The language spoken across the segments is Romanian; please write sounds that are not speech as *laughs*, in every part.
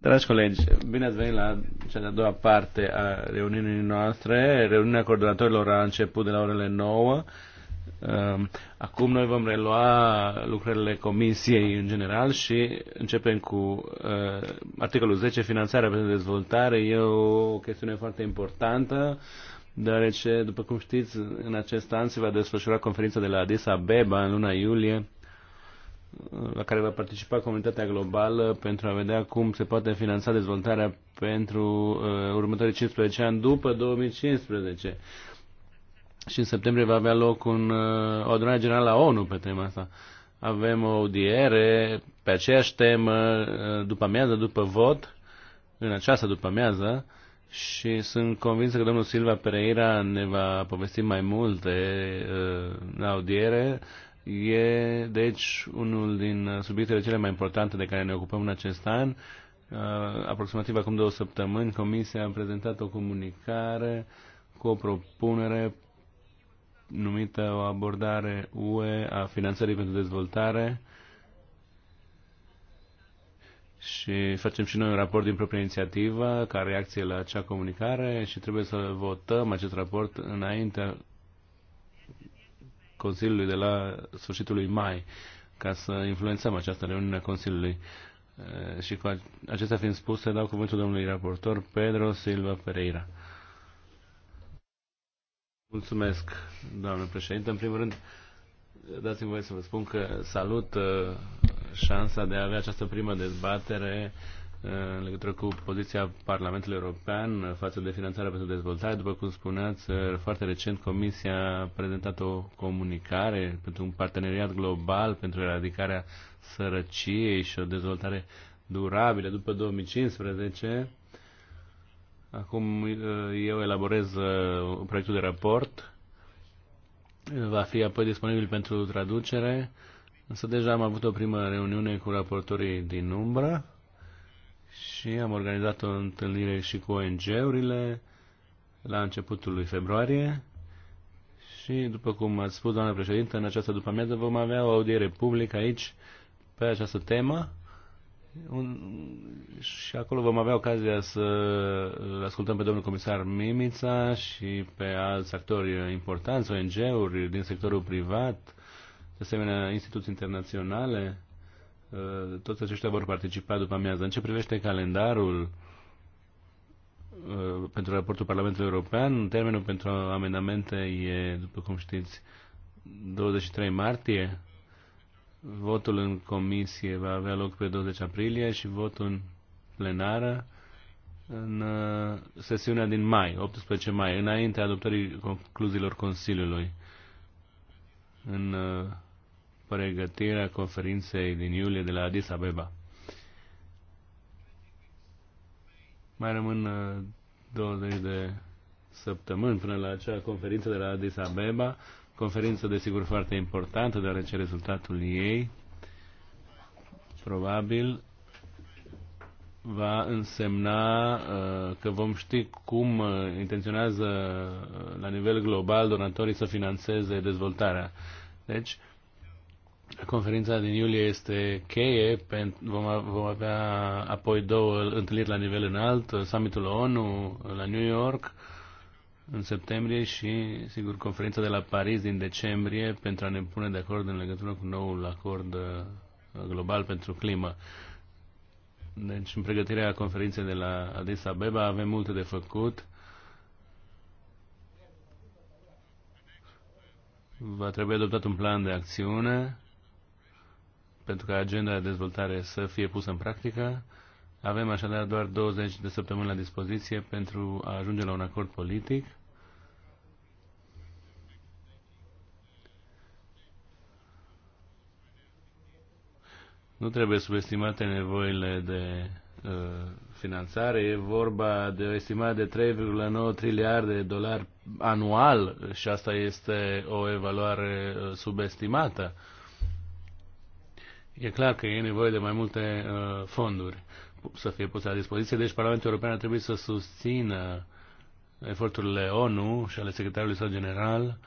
Dragi colegi, bine ați venit la cea de-a doua parte a reuniunii noastre. Reuniunea coordonatorilor a început de la orele 9. Um, acum noi vom relua lucrările Comisiei în general și începem cu uh, articolul 10, finanțarea pentru dezvoltare. E o chestiune foarte importantă deoarece, după cum știți, în acest an se va desfășura conferința de la Addis Abeba în luna iulie, la care va participa comunitatea globală pentru a vedea cum se poate finanța dezvoltarea pentru uh, următorii 15 ani după 2015. Și în septembrie va avea loc un, uh, o adunare generală la ONU pe tema asta. Avem o audiere pe aceeași temă uh, după amiază, după vot, în această după amiază, uh, și sunt convins că domnul Silva Pereira ne va povesti mai multe uh, în audiere. E, deci, unul din subiectele cele mai importante de care ne ocupăm în acest an. Uh, aproximativ acum două săptămâni, Comisia a prezentat o comunicare cu o propunere numită o abordare UE a finanțării pentru dezvoltare și facem și noi un raport din proprie inițiativă ca reacție la acea comunicare și trebuie să votăm acest raport înaintea Consiliului de la sfârșitul lui mai ca să influențăm această reuniune a Consiliului. Și cu acestea fiind spuse, dau cuvântul domnului raportor Pedro Silva Pereira. Mulțumesc, doamnă președinte. În primul rând, dați-mi voie să vă spun că salut uh, șansa de a avea această primă dezbatere uh, în legătură cu poziția Parlamentului European față de finanțarea pentru dezvoltare. După cum spuneați, uh, foarte recent Comisia a prezentat o comunicare pentru un parteneriat global pentru eradicarea sărăciei și o dezvoltare durabilă după 2015. Acum uh, eu elaborez proiectul de raport. Va fi apoi disponibil pentru traducere Însă deja am avut o primă reuniune cu raportorii din Umbra și am organizat o întâlnire și cu ONG-urile la începutul lui februarie și, după cum ați spus, doamna președintă, în această după-amiază vom avea o audiere publică aici pe această temă un, și acolo vom avea ocazia să ascultăm pe domnul comisar Mimița și pe alți actori importanți, ONG-uri din sectorul privat, de asemenea instituții internaționale, uh, toți aceștia vor participa după amiază. În ce privește calendarul uh, pentru raportul Parlamentului European, termenul pentru amendamente e, după cum știți, 23 martie. Votul în comisie va avea loc pe 20 aprilie și votul în plenară în uh, sesiunea din mai, 18 mai, înaintea adoptării concluziilor Consiliului. În pregătirea conferinței din iulie de la Addis Abeba. Mai rămân 20 uh, de săptămâni până la acea conferință de la Addis Abeba, conferință desigur foarte importantă, deoarece rezultatul ei probabil va însemna uh, că vom ști cum uh, intenționează uh, la nivel global donatorii să financeze dezvoltarea. Deci, Conferința din iulie este cheie, vom, vom avea apoi două întâlniri la nivel înalt, summitul ONU la New York în septembrie și, sigur, conferința de la Paris din decembrie pentru a ne pune de acord în legătură cu noul acord uh, global pentru climă. Deci, în pregătirea conferinței de la Addis Abeba avem multe de făcut. Va trebui adoptat un plan de acțiune pentru ca agenda de dezvoltare să fie pusă în practică. Avem așadar doar 20 de săptămâni la dispoziție pentru a ajunge la un acord politic. Nu trebuie subestimate nevoile de uh, finanțare. E vorba de o estimare de 3,9 triliarde de dolari anual și asta este o evaluare uh, subestimată. Uh, E clar că e nevoie de mai multe uh, fonduri să fie puse la dispoziție, deci Parlamentul European trebuie să susțină eforturile ONU și ale secretarului său general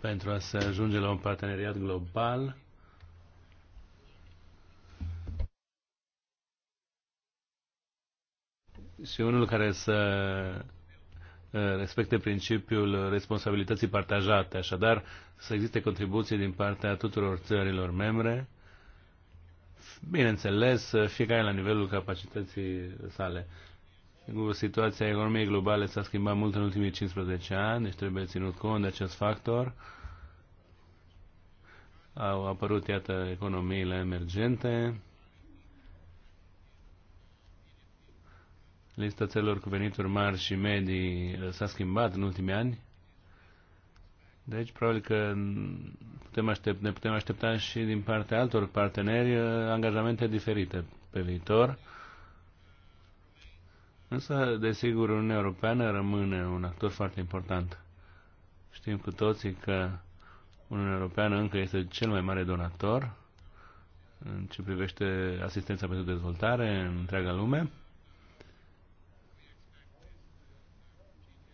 pentru a se ajunge la un parteneriat global și unul care să uh, respecte principiul responsabilității partajate. Așadar, să existe contribuții din partea tuturor țărilor membre, bineînțeles, fiecare la nivelul capacității sale. Situația economiei globale s-a schimbat mult în ultimii 15 ani, deci trebuie ținut cont de acest factor. Au apărut, iată, economiile emergente. Lista țărilor cu venituri mari și medii s-a schimbat în ultimii ani deci, probabil că putem aștept, ne putem aștepta și din partea altor parteneri uh, angajamente diferite pe viitor. Însă, desigur, Uniunea Europeană rămâne un actor foarte important. Știm cu toții că Uniunea Europeană încă este cel mai mare donator în ce privește asistența pentru dezvoltare în întreaga lume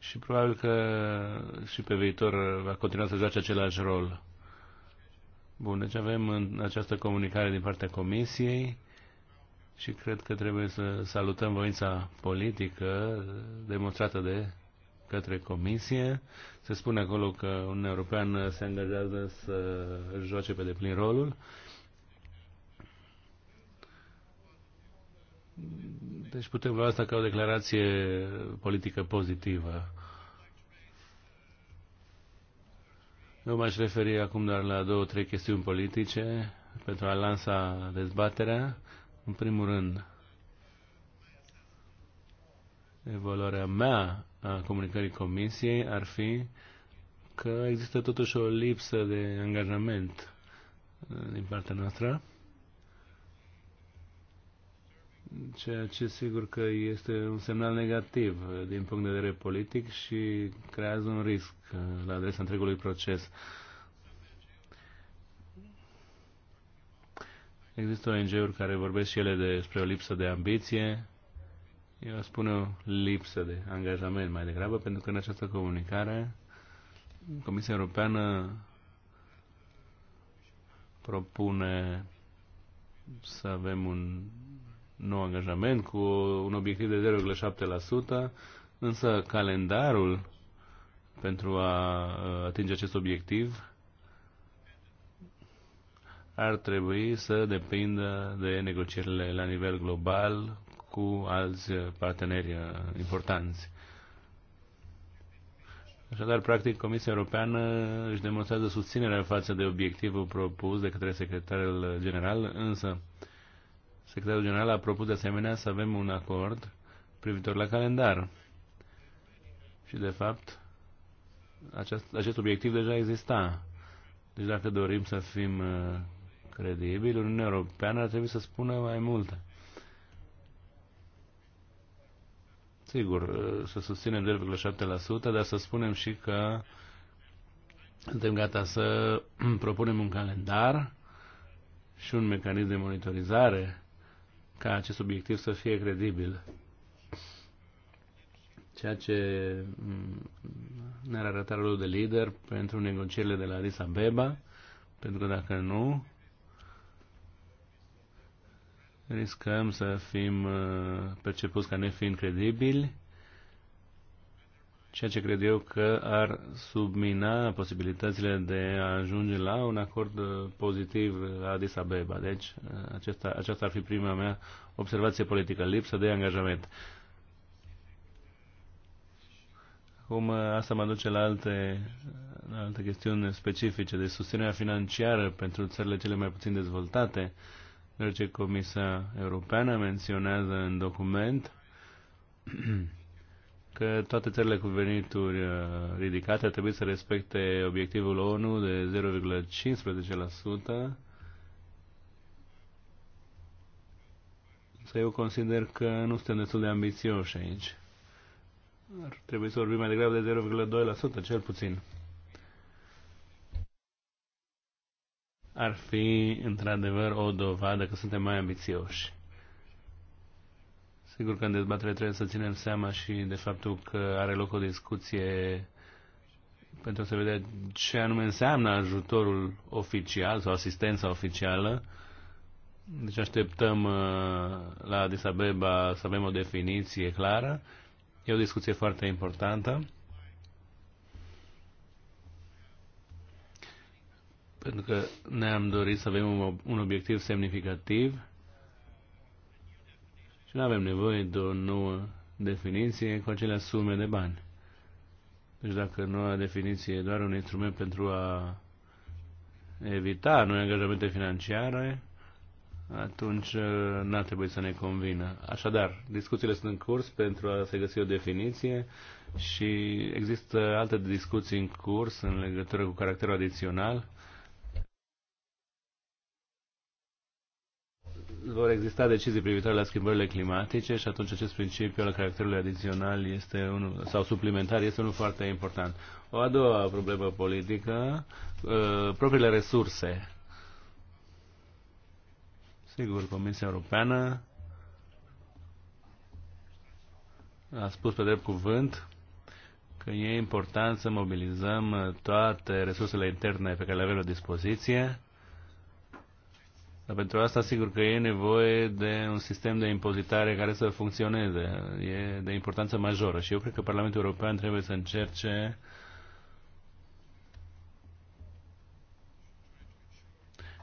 și probabil că și pe viitor va continua să joace același rol. Bun, deci avem în această comunicare din partea Comisiei și cred că trebuie să salutăm voința politică demonstrată de către Comisie. Se spune acolo că un european se angajează să joace pe deplin rolul Deci putem lua asta ca o declarație politică pozitivă. Nu m-aș referi acum doar la două, trei chestiuni politice pentru a lansa dezbaterea. În primul rând, evaluarea mea a comunicării Comisiei ar fi că există totuși o lipsă de angajament din partea noastră ceea ce sigur că este un semnal negativ din punct de vedere politic și creează un risc uh, la adresa întregului proces. Există ONG-uri care vorbesc și ele despre o lipsă de ambiție. Eu spun o lipsă de angajament mai degrabă, pentru că în această comunicare Comisia Europeană propune să avem un nou angajament cu un obiectiv de 0,7%, însă calendarul pentru a uh, atinge acest obiectiv ar trebui să depindă de negocierile la nivel global cu alți parteneri uh, importanți. Așadar, practic, Comisia Europeană își demonstrează susținerea față de obiectivul propus de către secretarul general, însă Secretarul General a propus de asemenea să avem un acord privitor la calendar. Și, de fapt, acest, acest obiectiv deja exista. Deci, dacă dorim să fim uh, credibili, Uniunea Europeană ar trebui să spună mai multe. Sigur, uh, să susținem 2,7%, dar să spunem și că suntem gata să *clears throat* propunem un calendar și un mecanism de monitorizare ca acest obiectiv să fie credibil. Ceea ce mm, ne-ar arăta rolul de lider pentru negocierile de la Addis Abeba, pentru că dacă nu, riscăm să fim uh, percepuți ca nefiind credibili ceea ce cred eu că ar submina posibilitățile de a ajunge la un acord pozitiv la Addis Abeba. Deci, aceasta, aceasta ar fi prima mea observație politică, lipsă de angajament. Acum, asta mă duce la alte, la alte chestiuni specifice de susținerea financiară pentru țările cele mai puțin dezvoltate, deoarece Comisia Europeană menționează în document că toate țările cu venituri uh, ridicate trebuie să respecte obiectivul ONU de 0,15%. Să eu consider că nu suntem destul de ambițioși aici. Ar trebui să vorbim mai degrabă de 0,2%, cel puțin. Ar fi, într-adevăr, o dovadă că suntem mai ambițioși. Sigur că în dezbatere trebuie să ținem seama și de faptul că are loc o discuție pentru a se vedea ce anume înseamnă ajutorul oficial sau asistența oficială. Deci așteptăm uh, la Addis Abeba să avem o definiție clară. E o discuție foarte importantă. Pentru că ne-am dorit să avem un obiectiv semnificativ nu avem nevoie de o nouă definiție cu acelea sume de bani. Deci dacă noua definiție e doar un instrument pentru a evita noi angajamente financiare, atunci uh, n-ar trebui să ne convină. Așadar, discuțiile sunt în curs pentru a se găsi o definiție și există alte discuții în curs în legătură cu caracterul adițional vor exista decizii privitoare la schimbările climatice și atunci acest principiu al caracterului adițional este unul, sau suplimentar este unul foarte important. O a doua problemă politică, uh, propriile resurse. Sigur, Comisia Europeană a spus pe drept cuvânt că e important să mobilizăm toate resursele interne pe care le avem la dispoziție dar pentru asta sigur că e nevoie de un sistem de impozitare care să funcționeze. E de importanță majoră și eu cred că Parlamentul European trebuie să încerce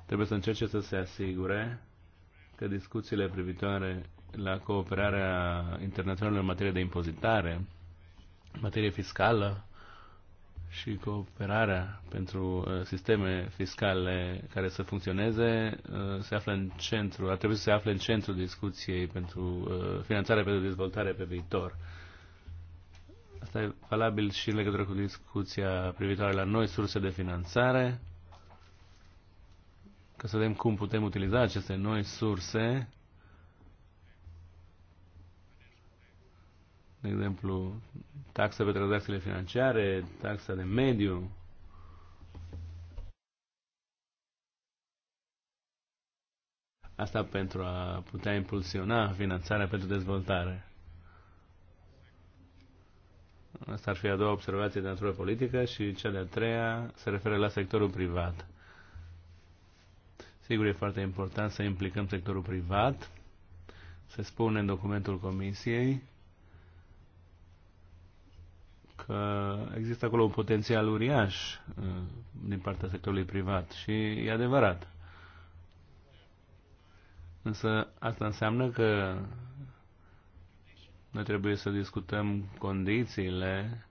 trebuie să încerce să se asigure că discuțiile privitoare la cooperarea internațională în materie de impozitare, materie fiscală, și cooperarea pentru uh, sisteme fiscale care să funcționeze uh, se află în centru, ar trebui să se afle în centrul discuției pentru uh, finanțarea pentru dezvoltare pe viitor. Asta e valabil și în legătură cu discuția privitoare la noi surse de finanțare, ca să vedem cum putem utiliza aceste noi surse de exemplu, taxa pe tranzacțiile financiare, taxa de mediu. Asta pentru a putea impulsiona finanțarea pentru dezvoltare. Asta ar fi a doua observație de natură politică și cea de-a treia se referă la sectorul privat. Sigur, e foarte important să implicăm sectorul privat. Se spune în documentul Comisiei că există acolo un potențial uriaș uh, din partea sectorului privat și e adevărat. Însă asta înseamnă că noi trebuie să discutăm condițiile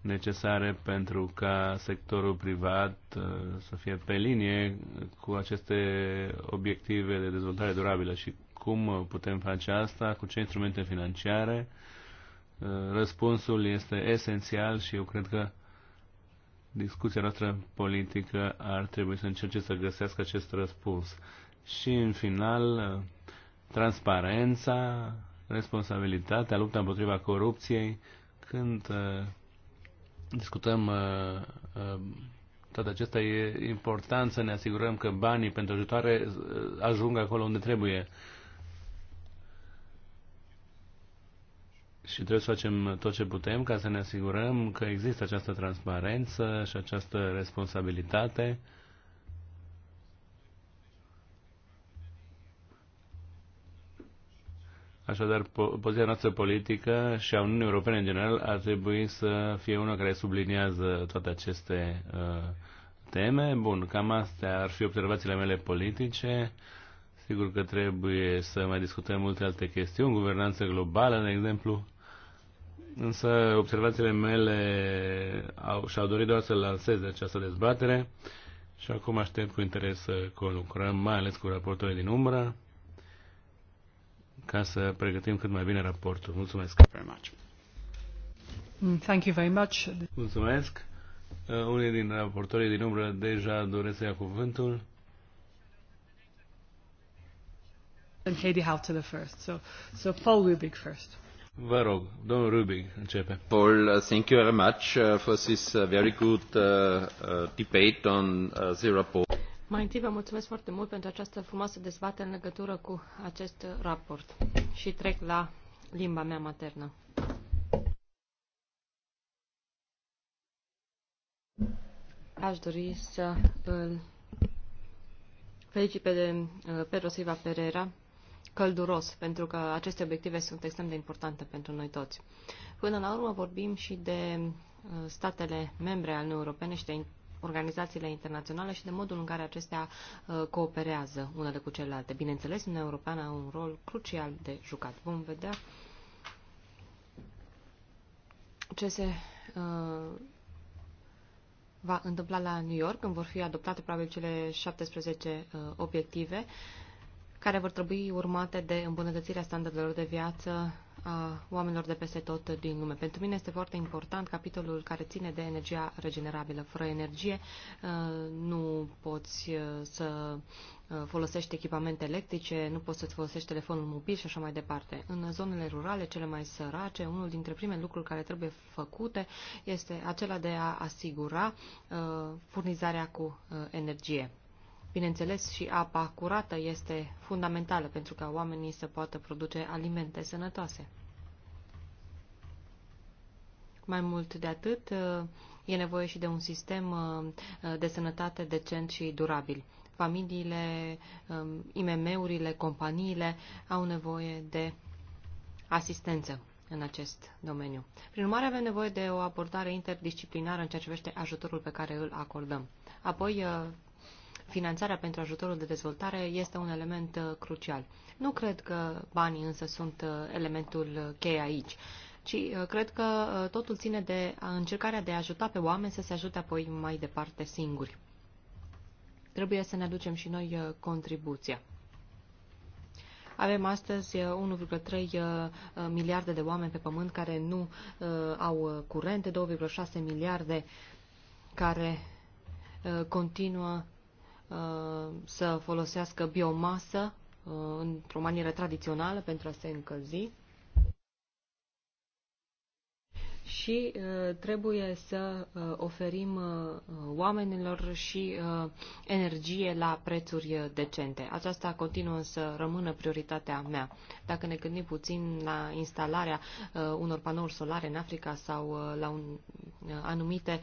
necesare pentru ca sectorul privat uh, să fie pe linie cu aceste obiective de dezvoltare durabilă și cum putem face asta, cu ce instrumente financiare, răspunsul este esențial și eu cred că discuția noastră politică ar trebui să încerce să găsească acest răspuns. Și în final, transparența, responsabilitatea, lupta împotriva corupției, când uh, discutăm uh, uh, toate acestea, e important să ne asigurăm că banii pentru ajutoare uh, ajung acolo unde trebuie. și trebuie să facem tot ce putem ca să ne asigurăm că există această transparență și această responsabilitate Așadar, poziția noastră politică și a Uniunii Europene în general ar trebui să fie una care subliniază toate aceste uh, teme. Bun, cam astea ar fi observațiile mele politice. Sigur că trebuie să mai discutăm multe alte chestiuni, guvernanță globală, de exemplu. Însă observațiile mele au, și-au dorit doar să lanseze această dezbatere și acum aștept cu interes să conlucrăm, mai ales cu raportorii din umbră, ca să pregătim cât mai bine raportul. Mulțumesc! Very much. Mm, thank you very much. Mulțumesc! Uh, unii din raportorii din umbră deja doresc să ia cuvântul. And Katie the first. So, so Paul Rubik first. Vă rog, domnul Rubic începe. Paul, uh, thank you very much uh, for this uh, very good uh, uh, debate on uh, the report. Mai întâi vă mulțumesc foarte mult pentru această frumoasă dezbatere în legătură cu acest raport și trec la limba mea maternă. Aș dori să îl felicit pe uh, Pedro Silva Pereira călduros, pentru că aceste obiective sunt extrem de importante pentru noi toți. Până la urmă vorbim și de uh, statele membre ale Uniunii Europene și de organizațiile internaționale și de modul în care acestea uh, cooperează unele cu celelalte. Bineînțeles, Uniunea Europeană are un rol crucial de jucat. Vom vedea ce se uh, va întâmpla la New York, când vor fi adoptate probabil cele 17 obiective care vor trebui urmate de îmbunătățirea standardelor de viață a oamenilor de peste tot din lume. Pentru mine este foarte important capitolul care ține de energia regenerabilă. Fără energie uh, nu poți uh, să uh, folosești echipamente electrice, nu poți să-ți folosești telefonul mobil și așa mai departe. În zonele rurale, cele mai sărace, unul dintre primele lucruri care trebuie făcute este acela de a asigura furnizarea cu energie. Bineînțeles, și apa curată este fundamentală pentru ca oamenii să poată produce alimente sănătoase. Mai mult de atât, e nevoie și de un sistem uh, de sănătate decent și durabil. Familiile, um, IMM-urile, companiile au nevoie de asistență în acest domeniu. Prin urmare, avem nevoie de o abordare interdisciplinară în ceea ce privește ajutorul pe care îl acordăm. Apoi, uh, Finanțarea pentru ajutorul de dezvoltare este un element uh, crucial. Nu cred că banii însă sunt uh, elementul cheie aici ci uh, cred că totul ține de încercarea de a ajuta pe oameni să se ajute apoi mai departe singuri. Trebuie să ne aducem și noi contribuția. Avem astăzi 1,3 miliarde de oameni pe pământ care nu au curente, 2,6 miliarde care continuă Uh, să folosească biomasă uh, într-o manieră tradițională pentru a se încălzi și uh, trebuie să oferim oamenilor și energie la prețuri decente. Aceasta continuă să rămână prioritatea mea. Dacă ne gândim puțin la instalarea unor panouri solare în Africa sau la un, anumite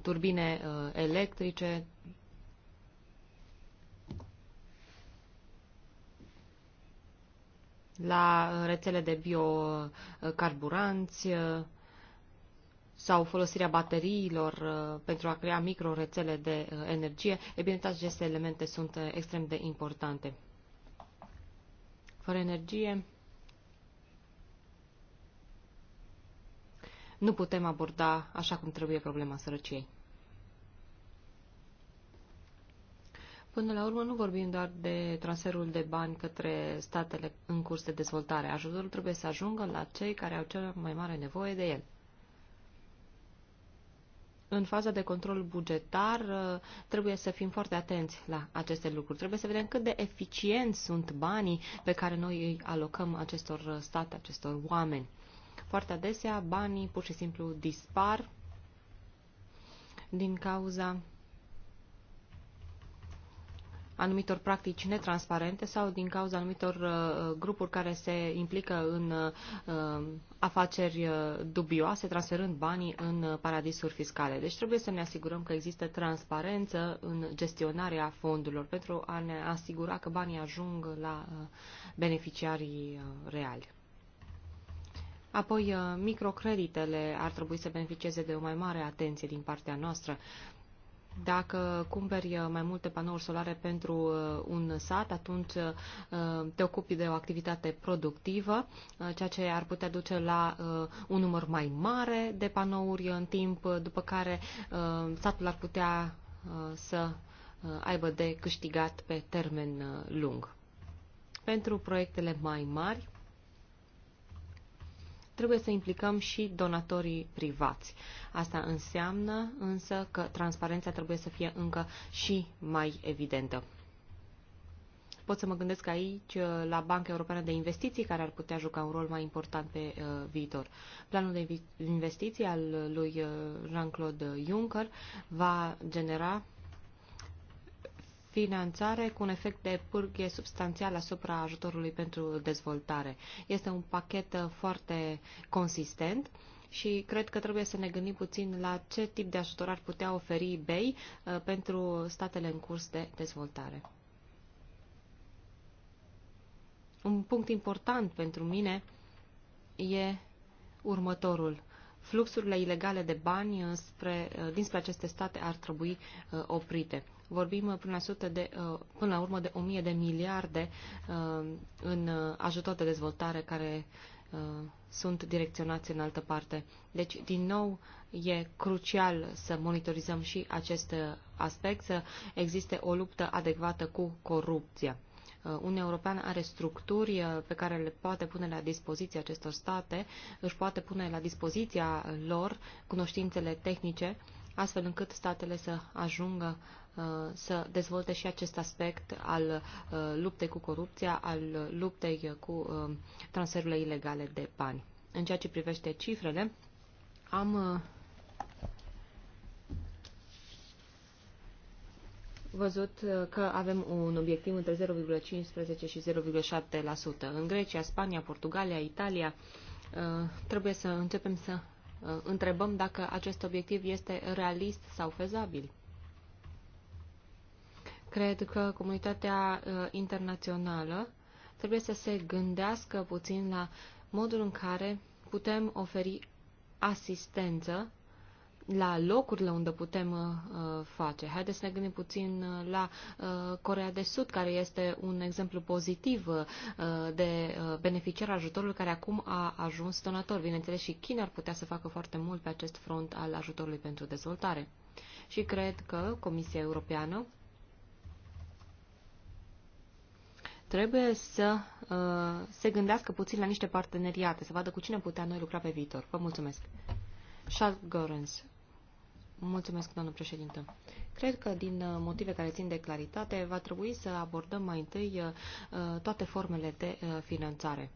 turbine uh, electrice. la uh, rețele de biocarburanți uh, sau folosirea bateriilor pentru a crea microrețele de energie, e bine, aceste elemente sunt extrem de importante. Fără energie, nu putem aborda așa cum trebuie problema sărăciei. Până la urmă nu vorbim doar de transferul de bani către statele în curs de dezvoltare. Ajutorul trebuie să ajungă la cei care au cea mai mare nevoie de el. În faza de control bugetar uh, trebuie să fim foarte atenți la aceste lucruri. Trebuie să vedem cât de eficienți sunt banii pe care noi îi alocăm acestor state, acestor oameni. Foarte adesea banii pur și simplu dispar din cauza anumitor practici netransparente sau din cauza anumitor uh, grupuri care se implică în uh, afaceri uh, dubioase, transferând banii în paradisuri fiscale. Deci trebuie să ne asigurăm că există transparență în gestionarea fondurilor pentru a ne asigura că banii ajung la beneficiarii reali. Apoi, uh, microcreditele ar trebui să beneficieze de o mai mare atenție din partea noastră. Dacă cumperi uh, mai multe panouri solare pentru uh, un sat, atunci te ocupi de o activitate productivă, ceea ce ar putea duce la un număr mai mare de panouri în timp, după care satul ar putea să aibă de câștigat pe termen lung. Pentru proiectele mai mari, trebuie să implicăm și donatorii privați. Asta înseamnă însă că transparența trebuie să fie încă și mai evidentă. Pot să mă gândesc aici uh, la Banca Europeană de Investiții, care ar putea juca un rol mai important pe uh, viitor. Planul de investiții al lui uh, Jean-Claude Juncker va genera finanțare cu un efect de pârghie substanțial asupra ajutorului pentru dezvoltare. Este un pachet uh, foarte consistent și cred că trebuie să ne gândim puțin la ce tip de ajutor ar putea oferi BEI uh, pentru statele în curs de dezvoltare. Un punct important pentru mine e următorul. Fluxurile ilegale de bani uh, spre, dinspre aceste state ar trebui oprite. Vorbim până la, 100 de, uh, până la urmă de 1000 de miliarde uh, în uh, ajutor de dezvoltare care sunt direcționați în altă parte. Deci, din nou, e crucial să monitorizăm și acest aspect, să existe o luptă adecvată cu corupția. Uniunea Europeană are structuri pe care le poate pune la dispoziție acestor state, își poate pune la dispoziția lor cunoștințele tehnice, astfel încât statele să ajungă Uh, să dezvolte și acest aspect al uh, luptei cu corupția, al luptei cu uh, transferurile ilegale de bani. În ceea ce privește cifrele, am văzut că avem un obiectiv între 0,15 și 0,7%. În Grecia, Spania, Portugalia, Italia trebuie să începem să întrebăm dacă acest obiectiv este realist sau fezabil cred că comunitatea uh, internațională trebuie să se gândească puțin la modul în care putem oferi asistență la locurile unde putem uh, face. Haideți să ne gândim puțin uh, la uh, Corea de Sud, care este un exemplu pozitiv uh, de uh, beneficiar ajutorului care acum a ajuns donator. Bineînțeles, și China ar putea să facă foarte mult pe acest front al ajutorului pentru dezvoltare. Și cred că Comisia Europeană trebuie să uh, se gândească puțin la niște parteneriate, să vadă cu cine putea noi lucra pe viitor. Vă mulțumesc. Charles Gorens. Mulțumesc, doamnă președintă. Cred că din uh, motive care țin de claritate va trebui să abordăm mai întâi uh, uh, toate formele de uh, finanțare.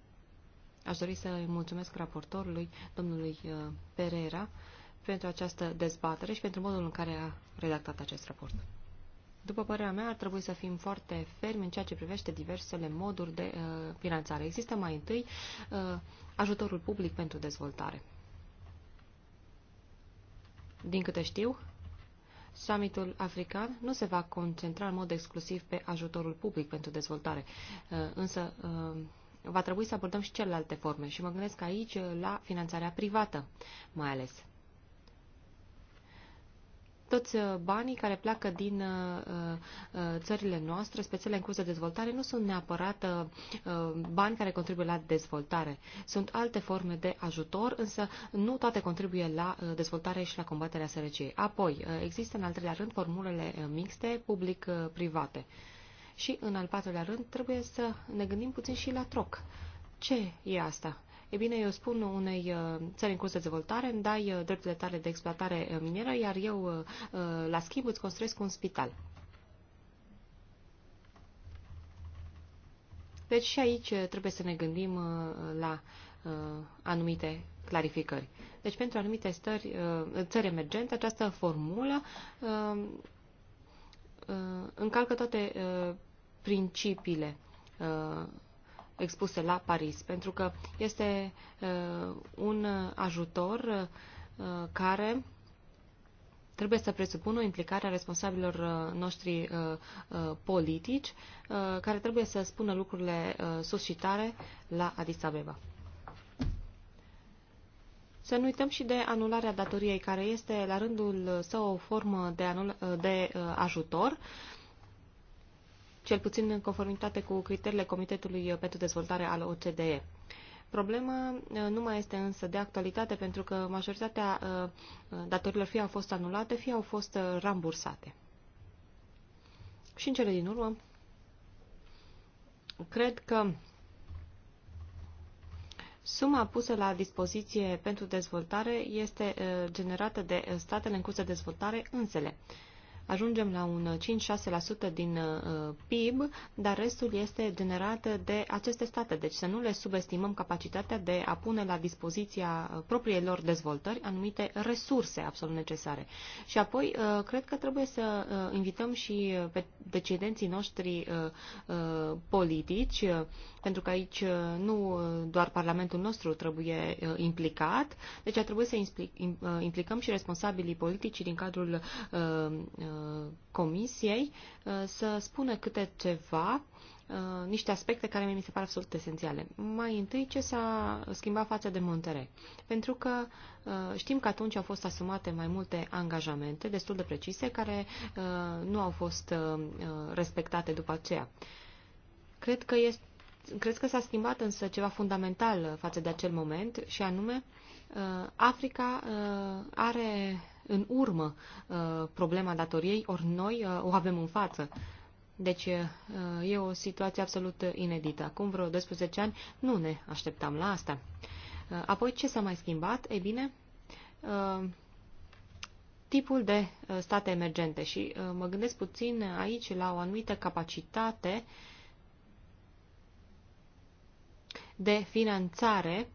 Aș dori să îi mulțumesc raportorului, domnului uh, Pereira, pentru această dezbatere și pentru modul în care a redactat acest raport. După părerea mea, ar trebui să fim foarte fermi în ceea ce privește diversele moduri de uh, finanțare. Există mai întâi uh, ajutorul public pentru dezvoltare. Din câte știu, summitul african nu se va concentra în mod exclusiv pe ajutorul public pentru dezvoltare, uh, însă uh, va trebui să abordăm și celelalte forme și mă gândesc aici uh, la finanțarea privată, mai ales. Toți uh, banii care pleacă din uh, uh, țările noastre, spețele în curs de dezvoltare, nu sunt neapărat bani care contribuie la dezvoltare. Sunt alte forme de ajutor, însă nu toate contribuie la dezvoltare și la combaterea sărăciei. Apoi, există în al treilea rând formulele mixte public-private. Și în al patrulea rând trebuie să ne gândim puțin și la troc. Ce e asta? E bine, eu spun unei uh, țări în curs de dezvoltare, îmi dai uh, drepturile tale de exploatare uh, minieră, iar eu, la schimb, îți construiesc un spital. Deci și aici trebuie să ne gândim la anumite clarificări. Deci pentru anumite stări, țări emergente, această formulă încalcă toate principiile expuse la Paris, pentru că este uh, un ajutor uh, care trebuie să presupună implicarea responsabililor uh, noștri politici, care trebuie să spună lucrurile sus și tare la Addis Abeba. Să nu uităm și de anularea datoriei, care este la rândul său o formă de, anul, de ajutor cel puțin în conformitate cu criteriile Comitetului pentru Dezvoltare al OCDE. Problema uh, nu mai este însă de actualitate pentru că majoritatea uh, uh, datorilor fie au fost anulate, fie au fost rambursate. Și în cele din urmă, cred că Suma pusă la dispoziție pentru dezvoltare este generată de statele în curs de dezvoltare însele ajungem la un 5-6% uh, din uh, PIB, dar restul este generat de aceste state. Deci să nu le subestimăm capacitatea de a pune la dispoziția uh, propriilor dezvoltări anumite resurse absolut necesare. Și apoi, cred că trebuie să invităm și pe decidenții noștri politici, pentru că aici nu doar Parlamentul nostru trebuie implicat, deci ar trebui să implicăm și responsabilii politici din cadrul comisiei uh, să spună câte ceva uh, niște aspecte care mi se par absolut esențiale. Mai întâi, ce s-a schimbat față de Monterey? Pentru că uh, știm că atunci au fost asumate mai multe angajamente destul de precise care nu au fost respectate după aceea. Cred că este Cred că s-a schimbat însă ceva fundamental față de acel moment și anume Africa are în urmă uh, problema datoriei, ori noi uh, o avem în față. Deci uh, e o situație absolut inedită. Acum vreo 12 ani nu ne așteptam la asta. Apoi ce s-a mai schimbat? E bine, tipul de state emergente și mă gândesc puțin aici la o anumită capacitate de finanțare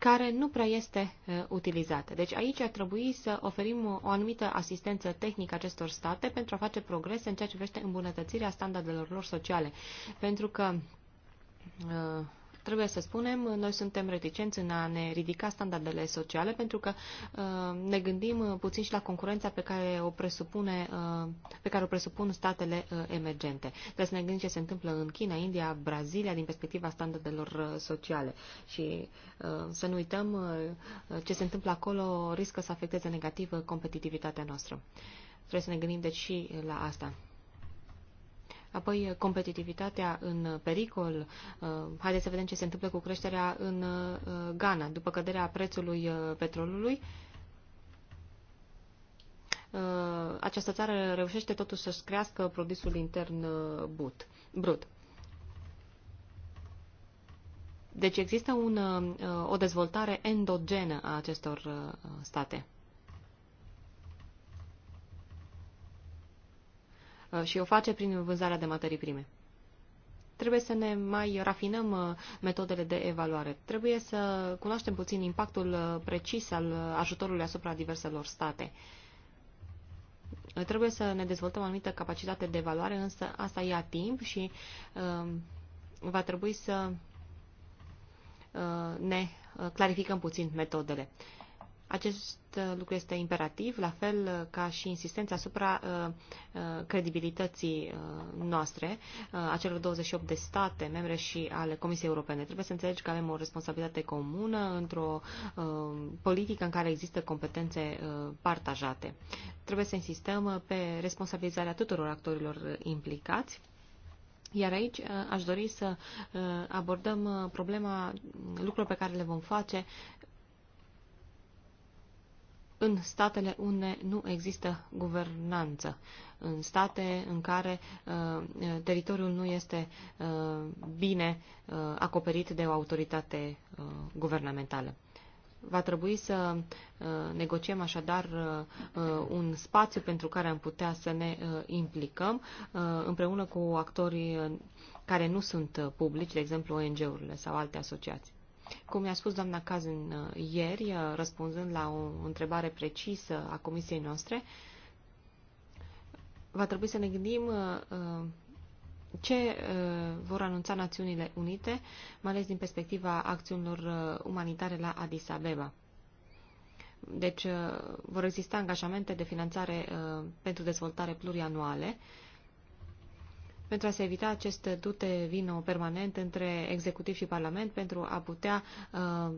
care nu prea este utilizată. Deci aici ar trebui să oferim o anumită asistență tehnică acestor state pentru a face progrese în ceea ce privește îmbunătățirea standardelor lor sociale. Pentru că Trebuie să spunem, noi suntem reticenți în a ne ridica standardele sociale pentru că uh, ne gândim uh, puțin și la concurența pe care o, presupune, uh, pe care o presupun statele emergente. Trebuie să ne gândim ce se întâmplă în China, India, Brazilia din perspectiva standardelor sociale și să nu uităm ce se întâmplă acolo riscă să afecteze negativ competitivitatea noastră. Trebuie să ne gândim deci și la asta. Apoi, competitivitatea în pericol. Uh, haideți să vedem ce se întâmplă cu creșterea în uh, Ghana. După căderea prețului uh, petrolului, această țară reușește totuși să-și crească produsul intern brut. Deci există un, o dezvoltare endogenă a acestor state. Uh, și o face prin vânzarea de materii prime. Trebuie să ne mai rafinăm uh, metodele de evaluare. Trebuie să cunoaștem puțin impactul uh, precis al ajutorului asupra diverselor state. Trebuie să ne dezvoltăm anumită capacitate de evaluare, însă asta ia timp și va trebui să ne clarificăm puțin metodele. Acest uh, lucru este imperativ, la fel uh, ca și insistența asupra uh, credibilității noastre, a celor 28 de state membre și ale Comisiei Europene. Trebuie să înțelegi că avem o responsabilitate comună într-o politică în care există competențe partajate. Trebuie să insistăm pe responsabilizarea tuturor actorilor implicați. Iar aici aș dori să abordăm problema lucrurilor pe care le vom face în statele unde nu există guvernanță, în state în care uh, teritoriul nu este uh, bine uh, acoperit de o autoritate uh, guvernamentală. Va trebui să uh, negociem așadar uh, uh, un spațiu pentru care am putea să ne implicăm împreună cu actorii care nu sunt publici, de exemplu ONG-urile sau alte asociații. Cum mi-a spus doamna Cazin uh, ieri, uh, răspunzând la o întrebare precisă a comisiei noastre, va trebui să ne gândim uh, ce vor anunța Națiunile Unite, mai ales din perspectiva acțiunilor umanitare la Addis Abeba. Deci vor exista angajamente de finanțare pentru dezvoltare plurianuale pentru a se evita acest dute vino permanent între executiv și parlament pentru a putea uh,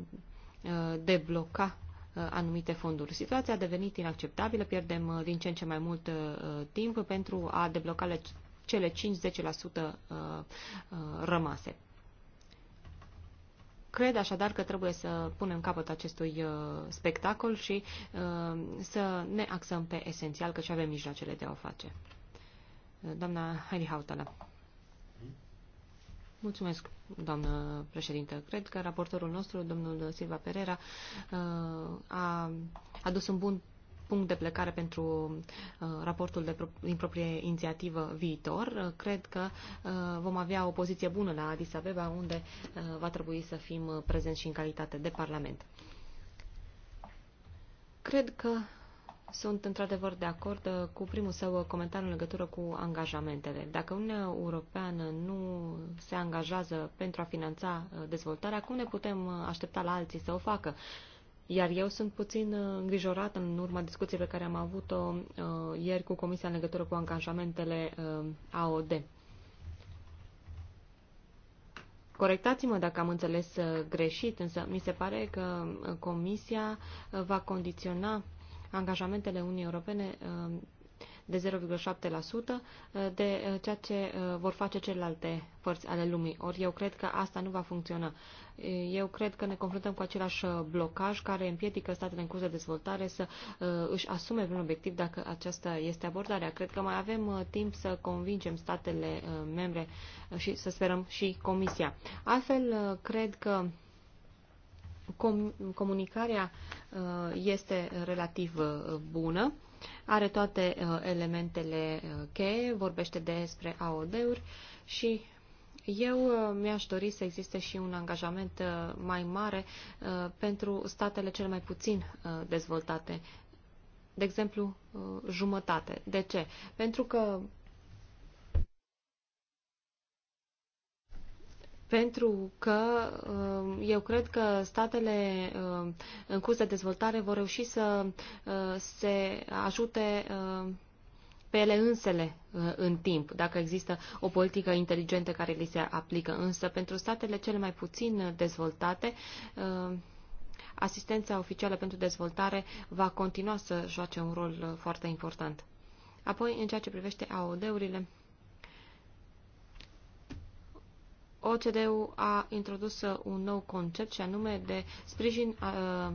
uh, debloca uh, anumite fonduri. Situația a devenit inacceptabilă, pierdem din ce în ce mai mult timp pentru a debloca cele 5-10% rămase. Cred așadar că trebuie să punem capăt acestui spectacol și să ne axăm pe esențial, că și avem mijloacele de a o face. Doamna Heidi Hautala. Mulțumesc, doamnă președintă. Cred că raportorul nostru, domnul Silva Pereira, uh, a adus un bun punct de plecare pentru uh, raportul de, din proprie inițiativă viitor. Cred că uh, vom avea o poziție bună la Addis Abeba, unde va trebui să fim prezenți și în calitate de Parlament. Cred că sunt într-adevăr de acord uh, cu primul său uh, comentariu în legătură cu angajamentele. Dacă Uniunea Europeană nu se angajează pentru a finanța uh, dezvoltarea, cum ne putem aștepta la alții să o facă? Iar eu sunt puțin îngrijorat în urma discuției pe care am avut-o ieri cu Comisia în legătură cu angajamentele AOD. Corectați-mă dacă am înțeles greșit, însă mi se pare că Comisia va condiționa angajamentele Uniunii Europene uh, de 0,7% uh, de uh, ceea ce vor face celelalte părți ale lumii. Ori eu cred că asta nu va funcționa. Eu cred că ne confruntăm cu același blocaj care împiedică statele în curs de dezvoltare să își asume un obiectiv dacă aceasta este abordarea. Cred că mai avem timp să convingem statele membre și să sperăm și Comisia. Altfel, cred că com- comunicarea uh, este relativ uh, bună, are toate uh, elementele cheie, vorbește despre AOD-uri și eu mi-aș dori să existe și un angajament mai mare pentru statele cele mai puțin dezvoltate de exemplu, jumătate. De ce? Pentru că pentru că um, eu cred că statele um, în curs de dezvoltare vor reuși să uh, se ajute um, pe ele însele uh, în timp, dacă există o politică inteligentă care li se aplică. Însă, pentru statele cele mai puțin dezvoltate, asistența oficială pentru dezvoltare va continua să joace un rol uh, foarte important. Apoi, în ceea ce privește AOD-urile, OCDE-ul a introdus uh, un nou concept și anume de sprijin uh,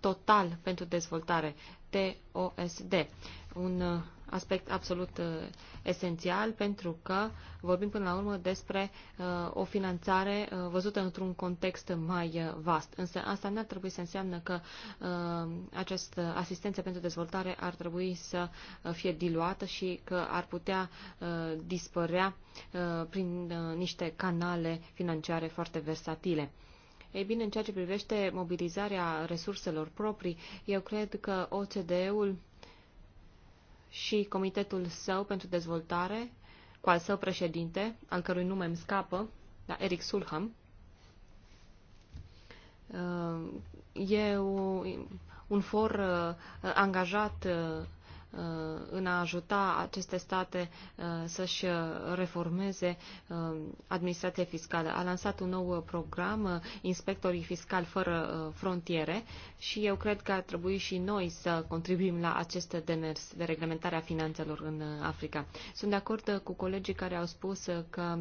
total pentru dezvoltare, TOSD, un uh, aspect absolut uh, esențial pentru că vorbim până la urmă despre uh, o finanțare uh, văzută într-un context mai vast. Însă asta nu ar trebui să înseamnă că această asistență pentru dezvoltare ar trebui să fie diluată și că ar putea dispărea prin niște canale financiare foarte versatile. Ei bine, în ceea ce privește mobilizarea resurselor proprii, eu cred că OCDE-ul și comitetul său pentru dezvoltare, cu al său președinte, al cărui nume îmi scapă, da, Eric Sulham, uh, e un for uh, angajat uh, Uh, în a ajuta aceste state uh, să-și uh, reformeze administrația fiscală. A lansat un nou program, Inspectorii Fiscali Fără Frontiere, și eu cred că ar trebui și noi să contribuim la acest demers de reglementare a finanțelor în Africa. Sunt de acord cu colegii care au spus că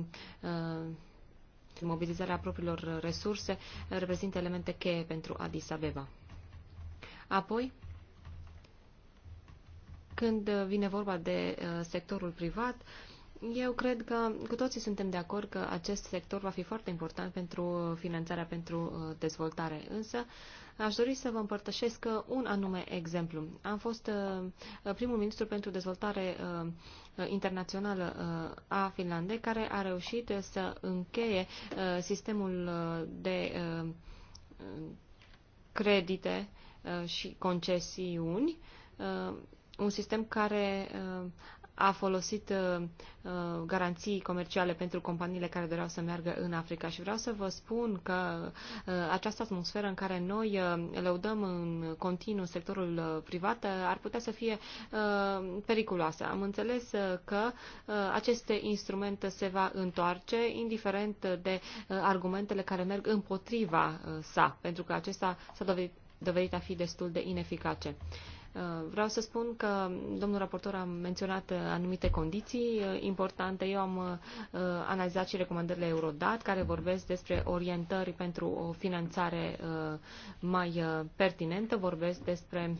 mobilizarea propriilor resurse reprezintă elemente cheie pentru Addis Abeba. Apoi, când uh, vine vorba de uh, sectorul privat, eu cred că cu toții suntem de acord că acest sector va fi foarte important pentru uh, finanțarea pentru dezvoltare. Însă aș dori să vă împărtășesc un anume exemplu. Am fost primul ministru pentru dezvoltare internațională a Finlandei care a reușit să încheie sistemul de credite și concesiuni un sistem care uh, a folosit uh, uh, garanții comerciale pentru companiile care doreau să meargă în Africa și vreau să vă spun că această atmosferă în care noi lăudăm în continuu sectorul privat ar putea să fie periculoasă. Am înțeles că acest instrument se va întoarce indiferent de argumentele care merg împotriva sa, pentru că acesta s-a dovedit a fi destul de ineficace. Uh, vreau să spun că domnul raportor a menționat uh, anumite condiții uh, importante. Eu am analizat și recomandările Eurodat, care vorbesc despre orientări pentru o finanțare mai pertinentă, vorbesc despre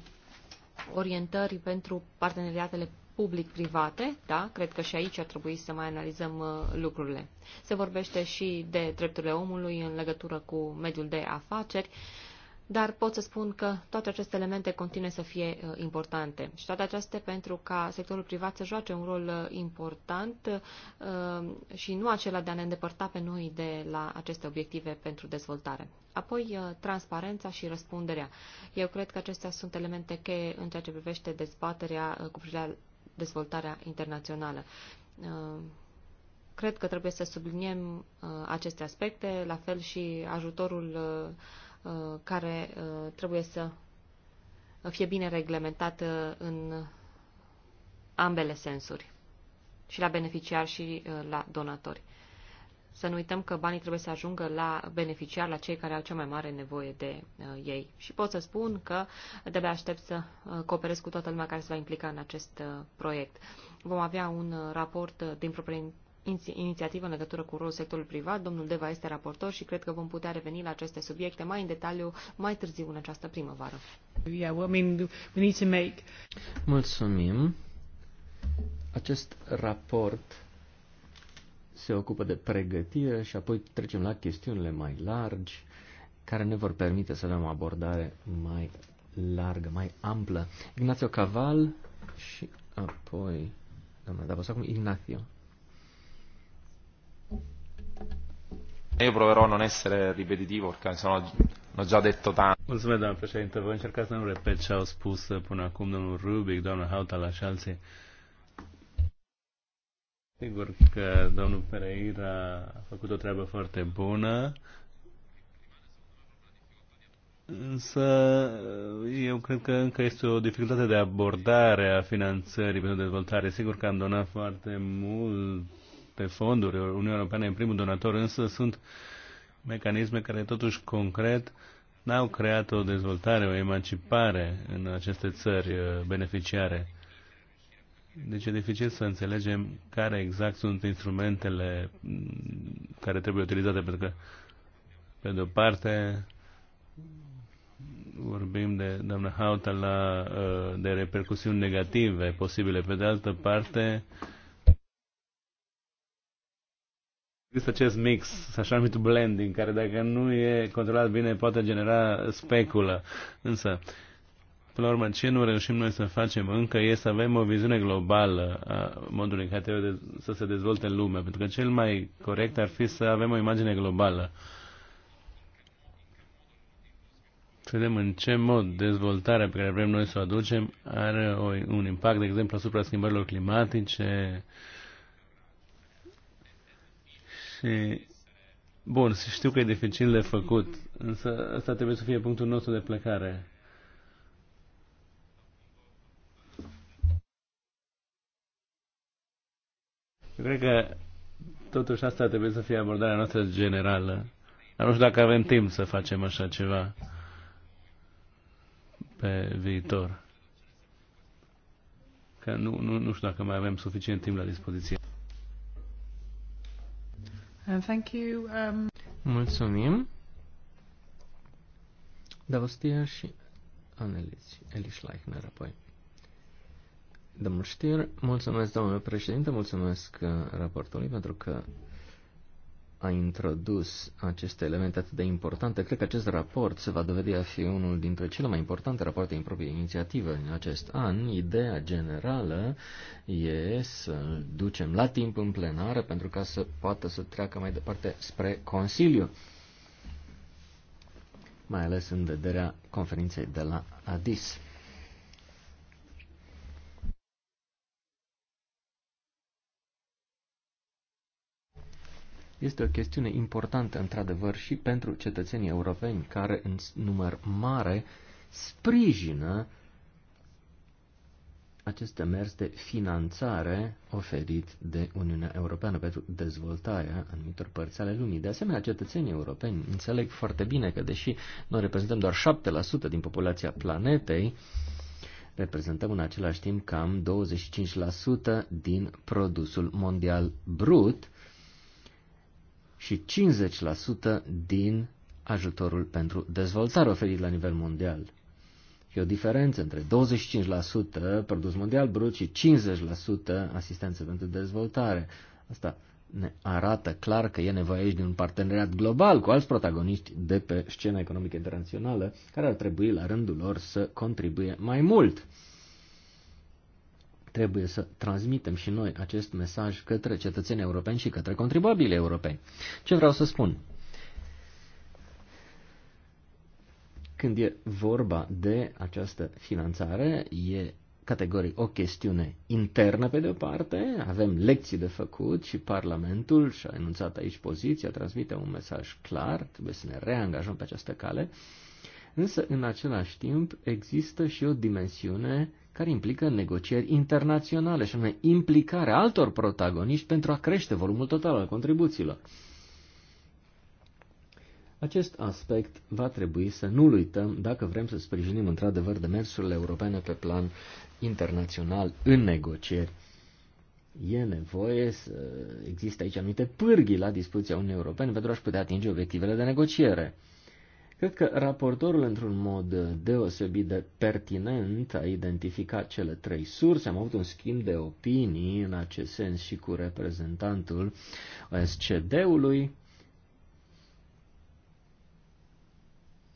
orientări pentru parteneriatele public-private, da, cred că și aici ar trebui să mai analizăm lucrurile. Se vorbește și de drepturile omului în legătură cu mediul de afaceri dar pot să spun că toate aceste elemente continuă să fie uh, importante. Și toate acestea pentru ca sectorul privat să joace un rol uh, important uh, și nu acela de a ne îndepărta pe noi de la aceste obiective pentru dezvoltare. Apoi, transparența și răspunderea. Eu cred că acestea sunt elemente cheie în ceea ce privește dezbaterea cu privire la dezvoltarea internațională. Cred că trebuie să subliniem aceste aspecte, la fel și ajutorul uh, Uh, care uh, trebuie să fie bine reglementată uh, în ambele sensuri, și la beneficiari și la donatori. Să nu uităm că banii trebuie să ajungă la beneficiari, la cei care au cea mai mare nevoie de uh, ei. Și pot să spun că trebuie aștept să uh, cooperez cu toată lumea care se va implica în acest uh, proiect. Vom avea un uh, raport uh, din proprie inițiativă în legătură cu rolul sectorului privat. Domnul Deva este raportor și cred că vom putea reveni la aceste subiecte mai în detaliu mai târziu în această primăvară. Yeah, well, I mean, we need to make... Mulțumim. Acest raport se ocupă de pregătire și apoi trecem la chestiunile mai largi care ne vor permite să avem o abordare mai largă, mai amplă. Ignacio Caval și apoi doamna Davos, acum Ignacio. Eu proverò a non essere ripetitivo, perché sono, ho già detto tanto. Mulțumesc, doamna președinte. Voi încerca să nu repet ce au spus până acum domnul Rubic, doamna Hauta la alții. Sigur că domnul Pereira a făcut o treabă foarte bună, însă eu cred că încă este o dificultate de abordare a finanțării pentru dezvoltare. Sigur că am donat foarte mult pe fonduri. Uniunea Europeană e primul donator, însă sunt mecanisme care totuși concret n-au creat o dezvoltare, o emancipare în aceste țări uh, beneficiare. Deci e dificil să înțelegem care exact sunt instrumentele mm, care trebuie utilizate, pentru că, pe de o parte, vorbim de doamna Hautala uh, de repercusiuni negative posibile, pe de altă parte, Există acest mix, așa numit blending, care dacă nu e controlat bine poate genera speculă. Însă, Până la urmă, ce nu reușim noi să facem încă e să avem o viziune globală a modului în care trebuie să se dezvolte lumea, pentru că cel mai corect ar fi să avem o imagine globală. Să vedem în ce mod dezvoltarea pe care vrem noi să o aducem are un impact, de exemplu, asupra schimbărilor climatice, uh, și, bun, știu că e dificil de făcut, însă asta trebuie să fie punctul nostru de plecare. Eu cred că totuși asta trebuie să fie abordarea noastră generală. Dar nu știu dacă avem timp să facem așa ceva pe viitor. Că nu, nu, nu știu dacă mai avem suficient timp la dispoziție. And thank you, um... Mulțumim. Davostia și Annelies Elischleichner apoi. Domnul Știr, mulțumesc, domnule președinte, mulțumesc uh, raportului pentru că a introdus aceste elemente atât de importante, cred că acest raport se va dovedi a fi unul dintre cele mai importante rapoarte în proprie inițiativă în acest an. Ideea generală e să ducem la timp în plenară pentru ca să poată să treacă mai departe spre Consiliu, mai ales în vederea conferinței de la Addis. Este o chestiune importantă, într-adevăr, și pentru cetățenii europeni care, în număr mare, sprijină acest demers de finanțare oferit de Uniunea Europeană pentru dezvoltarea anumitor părți ale lumii. De asemenea, cetățenii europeni înțeleg foarte bine că, deși noi reprezentăm doar 7% din populația planetei, reprezentăm în același timp cam 25% din produsul mondial brut și 50% din ajutorul pentru dezvoltare oferit la nivel mondial. E o diferență între 25% produs mondial brut și 50% asistență pentru dezvoltare. Asta ne arată clar că e nevoie aici de un parteneriat global cu alți protagoniști de pe scena economică internațională, care ar trebui la rândul lor să contribuie mai mult Trebuie să transmitem și noi acest mesaj către cetățenii europeni și către contribuabilii europeni. Ce vreau să spun? Când e vorba de această finanțare, e categoric o chestiune internă pe de o parte, avem lecții de făcut și Parlamentul și-a enunțat aici poziția, transmite un mesaj clar, trebuie să ne reangajăm pe această cale, însă în același timp există și o dimensiune care implică negocieri internaționale, și anume implicarea altor protagoniști pentru a crește volumul total al contribuțiilor. Acest aspect va trebui să nu-l uităm dacă vrem să sprijinim într-adevăr demersurile europene pe plan internațional în negocieri. E nevoie să existe aici anumite pârghii la dispoziția Uniunii Europene pentru a-și putea atinge obiectivele de negociere. Cred că raportorul, într-un mod uh, deosebit de pertinent, a identificat cele trei surse. Am avut un schimb de opinii în acest sens și cu reprezentantul SCD-ului.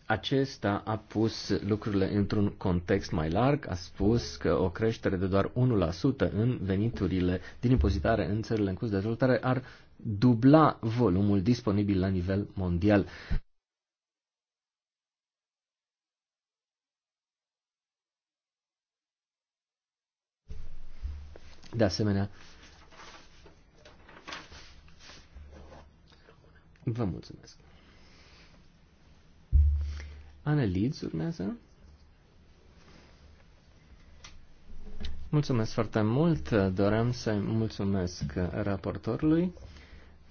Acesta a pus lucrurile într-un context mai larg, a spus că o creștere de doar 1% în veniturile din impozitare în țările în curs de dezvoltare ar dubla volumul disponibil la nivel mondial. De asemenea, vă mulțumesc. Ana Leeds urmează. Mulțumesc foarte mult. Doream să mulțumesc raportorului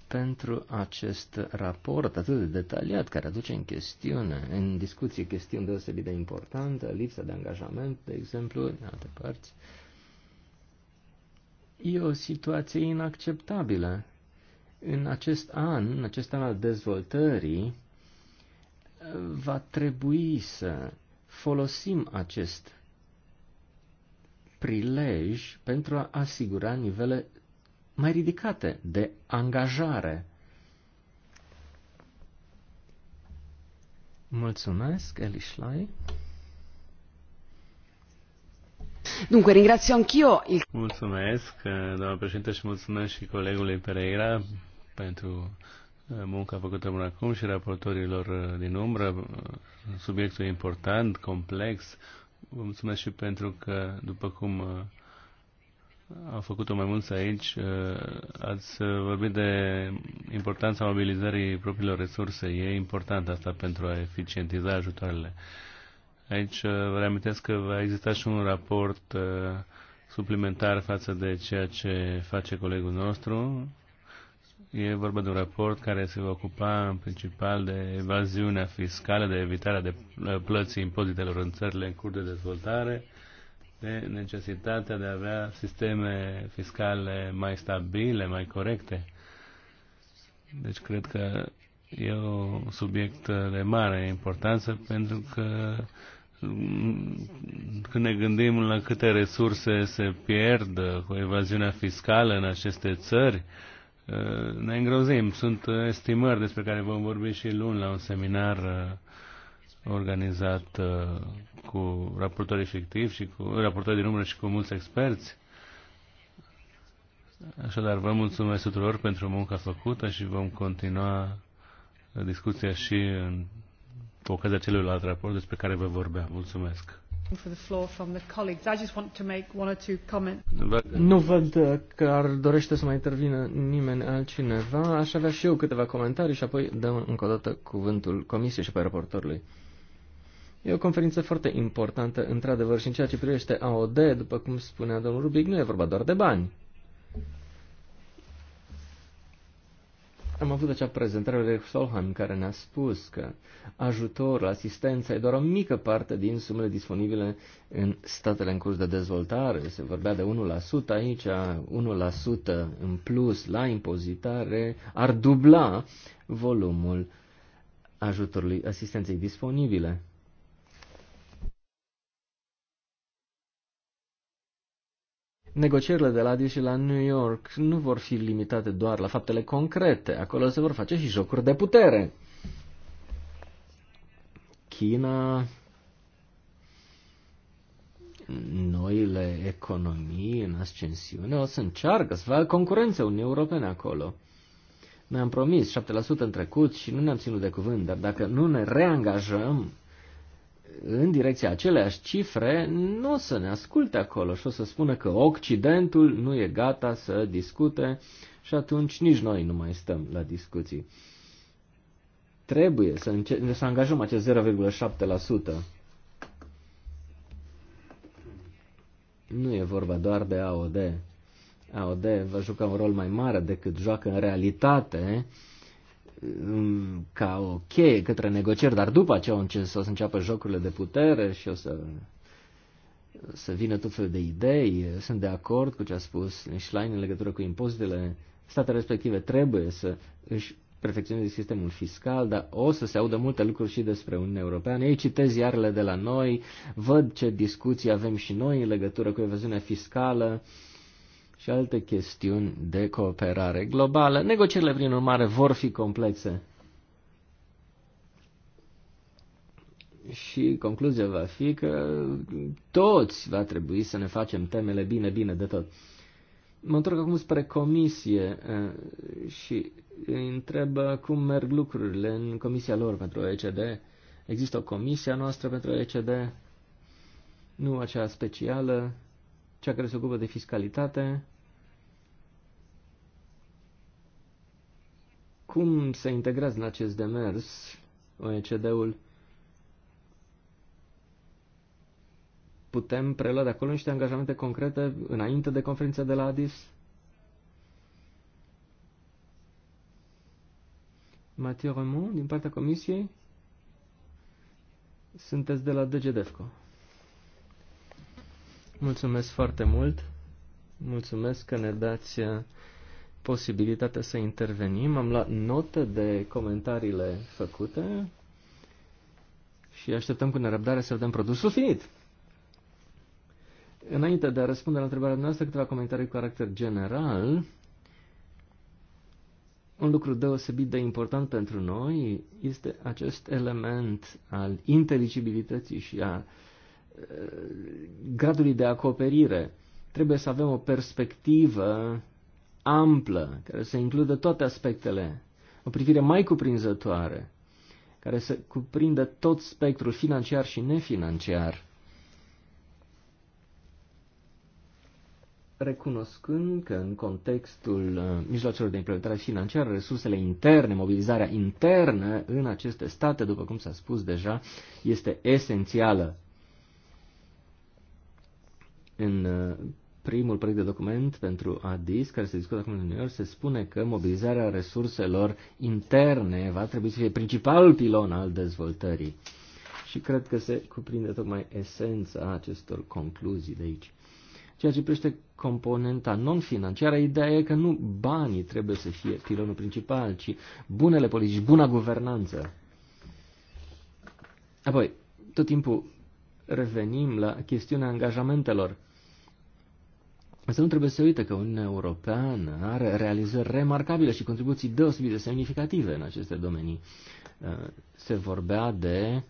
pentru acest raport atât de detaliat, care aduce în chestiune, în discuție chestiuni deosebit de importante, lipsa de angajament, de exemplu, în alte părți. E o situație inacceptabilă. În acest an, în acest an al dezvoltării, va trebui să folosim acest prilej pentru a asigura nivele mai ridicate de angajare. Mulțumesc, Elișlai. Dunque, ringrazio anch'io il... Mulțumesc, eh, doamna președinte, și mulțumesc și colegului Pereira pentru eh, munca făcută până acum și raportorilor eh, din umbră. Subiectul e important, complex. Vă mulțumesc și pentru că, după cum au făcut-o mai mulți aici, ați vorbit de importanța mobilizării propriilor resurse. E important asta pentru a eficientiza ajutoarele. Aici uh, vă reamintesc că va exista și un raport uh, suplimentar față de ceea ce face colegul nostru. E vorba de un raport care se va ocupa în principal de evaziunea fiscală, de evitarea de uh, plății impozitelor în țările în curs de dezvoltare, de necesitatea de a avea sisteme fiscale mai stabile, mai corecte. Deci cred că e un subiect de mare importanță pentru că când ne gândim la câte resurse se pierd cu evaziunea fiscală în aceste țări, ne îngrozim. Sunt estimări despre care vom vorbi și luni la un seminar uh, organizat uh, cu raportori efectivi și cu raportori din umbră și cu mulți experți. Așadar, vă mulțumesc tuturor pentru munca făcută și vom continua discuția și în cu ocazia celuilalt raport despre care vă vorbeam. Mulțumesc. Nu văd că ar dorește să mai intervină nimeni altcineva. Aș avea și eu câteva comentarii și apoi dăm încă o dată cuvântul comisiei și pe raportorului. E o conferință foarte importantă, într-adevăr, și în ceea ce privește AOD, după cum spunea domnul Rubic, nu e vorba doar de bani. Am avut acea prezentare de Solheim care ne-a spus că ajutorul, asistența e doar o mică parte din sumele disponibile în statele în curs de dezvoltare. Se vorbea de 1% aici, 1% în plus la impozitare ar dubla volumul ajutorului asistenței disponibile. negocierile de la Adi și la New York nu vor fi limitate doar la faptele concrete. Acolo se vor face și jocuri de putere. China, noile economii în ascensiune o să încearcă să facă concurență unii Europene acolo. ne am promis 7% în trecut și nu ne-am ținut de cuvânt, dar dacă nu ne reangajăm în direcția aceleași cifre, nu o să ne asculte acolo și o să spună că Occidentul nu e gata să discute și atunci nici noi nu mai stăm la discuții. Trebuie să, înce- să angajăm acest 0,7%. Nu e vorba doar de AOD. AOD va juca un rol mai mare decât joacă în realitate ca o cheie către negocieri, dar după aceea o să înceapă jocurile de putere și o să, să vină tot felul de idei. Sunt de acord cu ce a spus Schlein în legătură cu impozitele. Statele respective trebuie să își perfecționeze sistemul fiscal, dar o să se audă multe lucruri și despre Uniunea Europeană. Ei citez iarele de la noi, văd ce discuții avem și noi în legătură cu evaziunea fiscală. Uh, și alte chestiuni de cooperare globală. Negocierile, prin urmare, vor fi complexe. Și concluzia va fi că toți va trebui să ne facem temele bine, bine de tot. Mă întorc acum spre comisie eh, și îi întreb cum merg lucrurile în comisia lor pentru OECD. Există o comisie a noastră pentru OECD, nu acea specială, cea care se ocupă de fiscalitate, cum se integrează în acest demers OECD-ul? Putem prelua de acolo niște angajamente concrete înainte de conferința de la Adis, Mathieu Remont, din partea Comisiei, sunteți de la DGDEFCO. Mulțumesc foarte mult. Mulțumesc că ne dați uh, posibilitatea să intervenim. Am luat notă de comentariile făcute și așteptăm cu nerăbdare să vedem produsul finit. Înainte de a răspunde la întrebarea noastră, câteva comentarii cu caracter general. Un lucru deosebit de important pentru noi este acest element al inteligibilității și a uh, gradului de acoperire. Trebuie să avem o perspectivă amplă, care să includă toate aspectele, o privire mai cuprinzătoare, care să cuprindă tot spectrul financiar și nefinanciar. recunoscând că în contextul uh, mijloacelor de implementare financiară, resursele interne, mobilizarea internă în aceste state, după cum s-a spus deja, este esențială. În uh, primul proiect de document pentru ADIS, care se discută acum în New York, se spune că mobilizarea resurselor interne va trebui să fie principalul pilon al dezvoltării. Și cred că se cuprinde tocmai esența acestor concluzii de aici. Ceea ce privește componenta non-financiară, ideea e că nu banii trebuie să fie pilonul principal, ci bunele politici, buna guvernanță. Apoi, tot timpul revenim la chestiunea angajamentelor Însă nu trebuie să uită că Uniunea Europeană are realizări remarcabile și contribuții deosebit de semnificative în aceste domenii. Uh, se vorbea de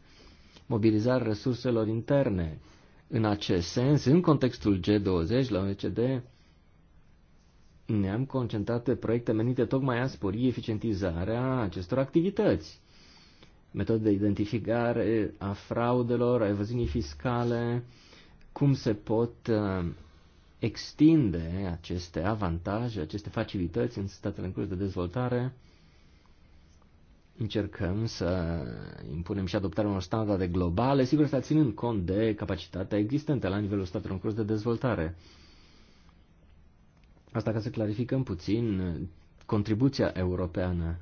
mobilizarea resurselor interne. În acest sens, în contextul G20 la OECD, ne-am concentrat pe proiecte menite tocmai a spori eficientizarea acestor activități. Metode de identificare a fraudelor, a evaziunii fiscale, cum se pot uh, extinde aceste avantaje, aceste facilități în statele în curs de dezvoltare, încercăm să impunem și adoptarea unor standarde globale, sigur să ținând cont de capacitatea existentă la nivelul statelor în curs de dezvoltare. Asta ca să clarificăm puțin contribuția europeană.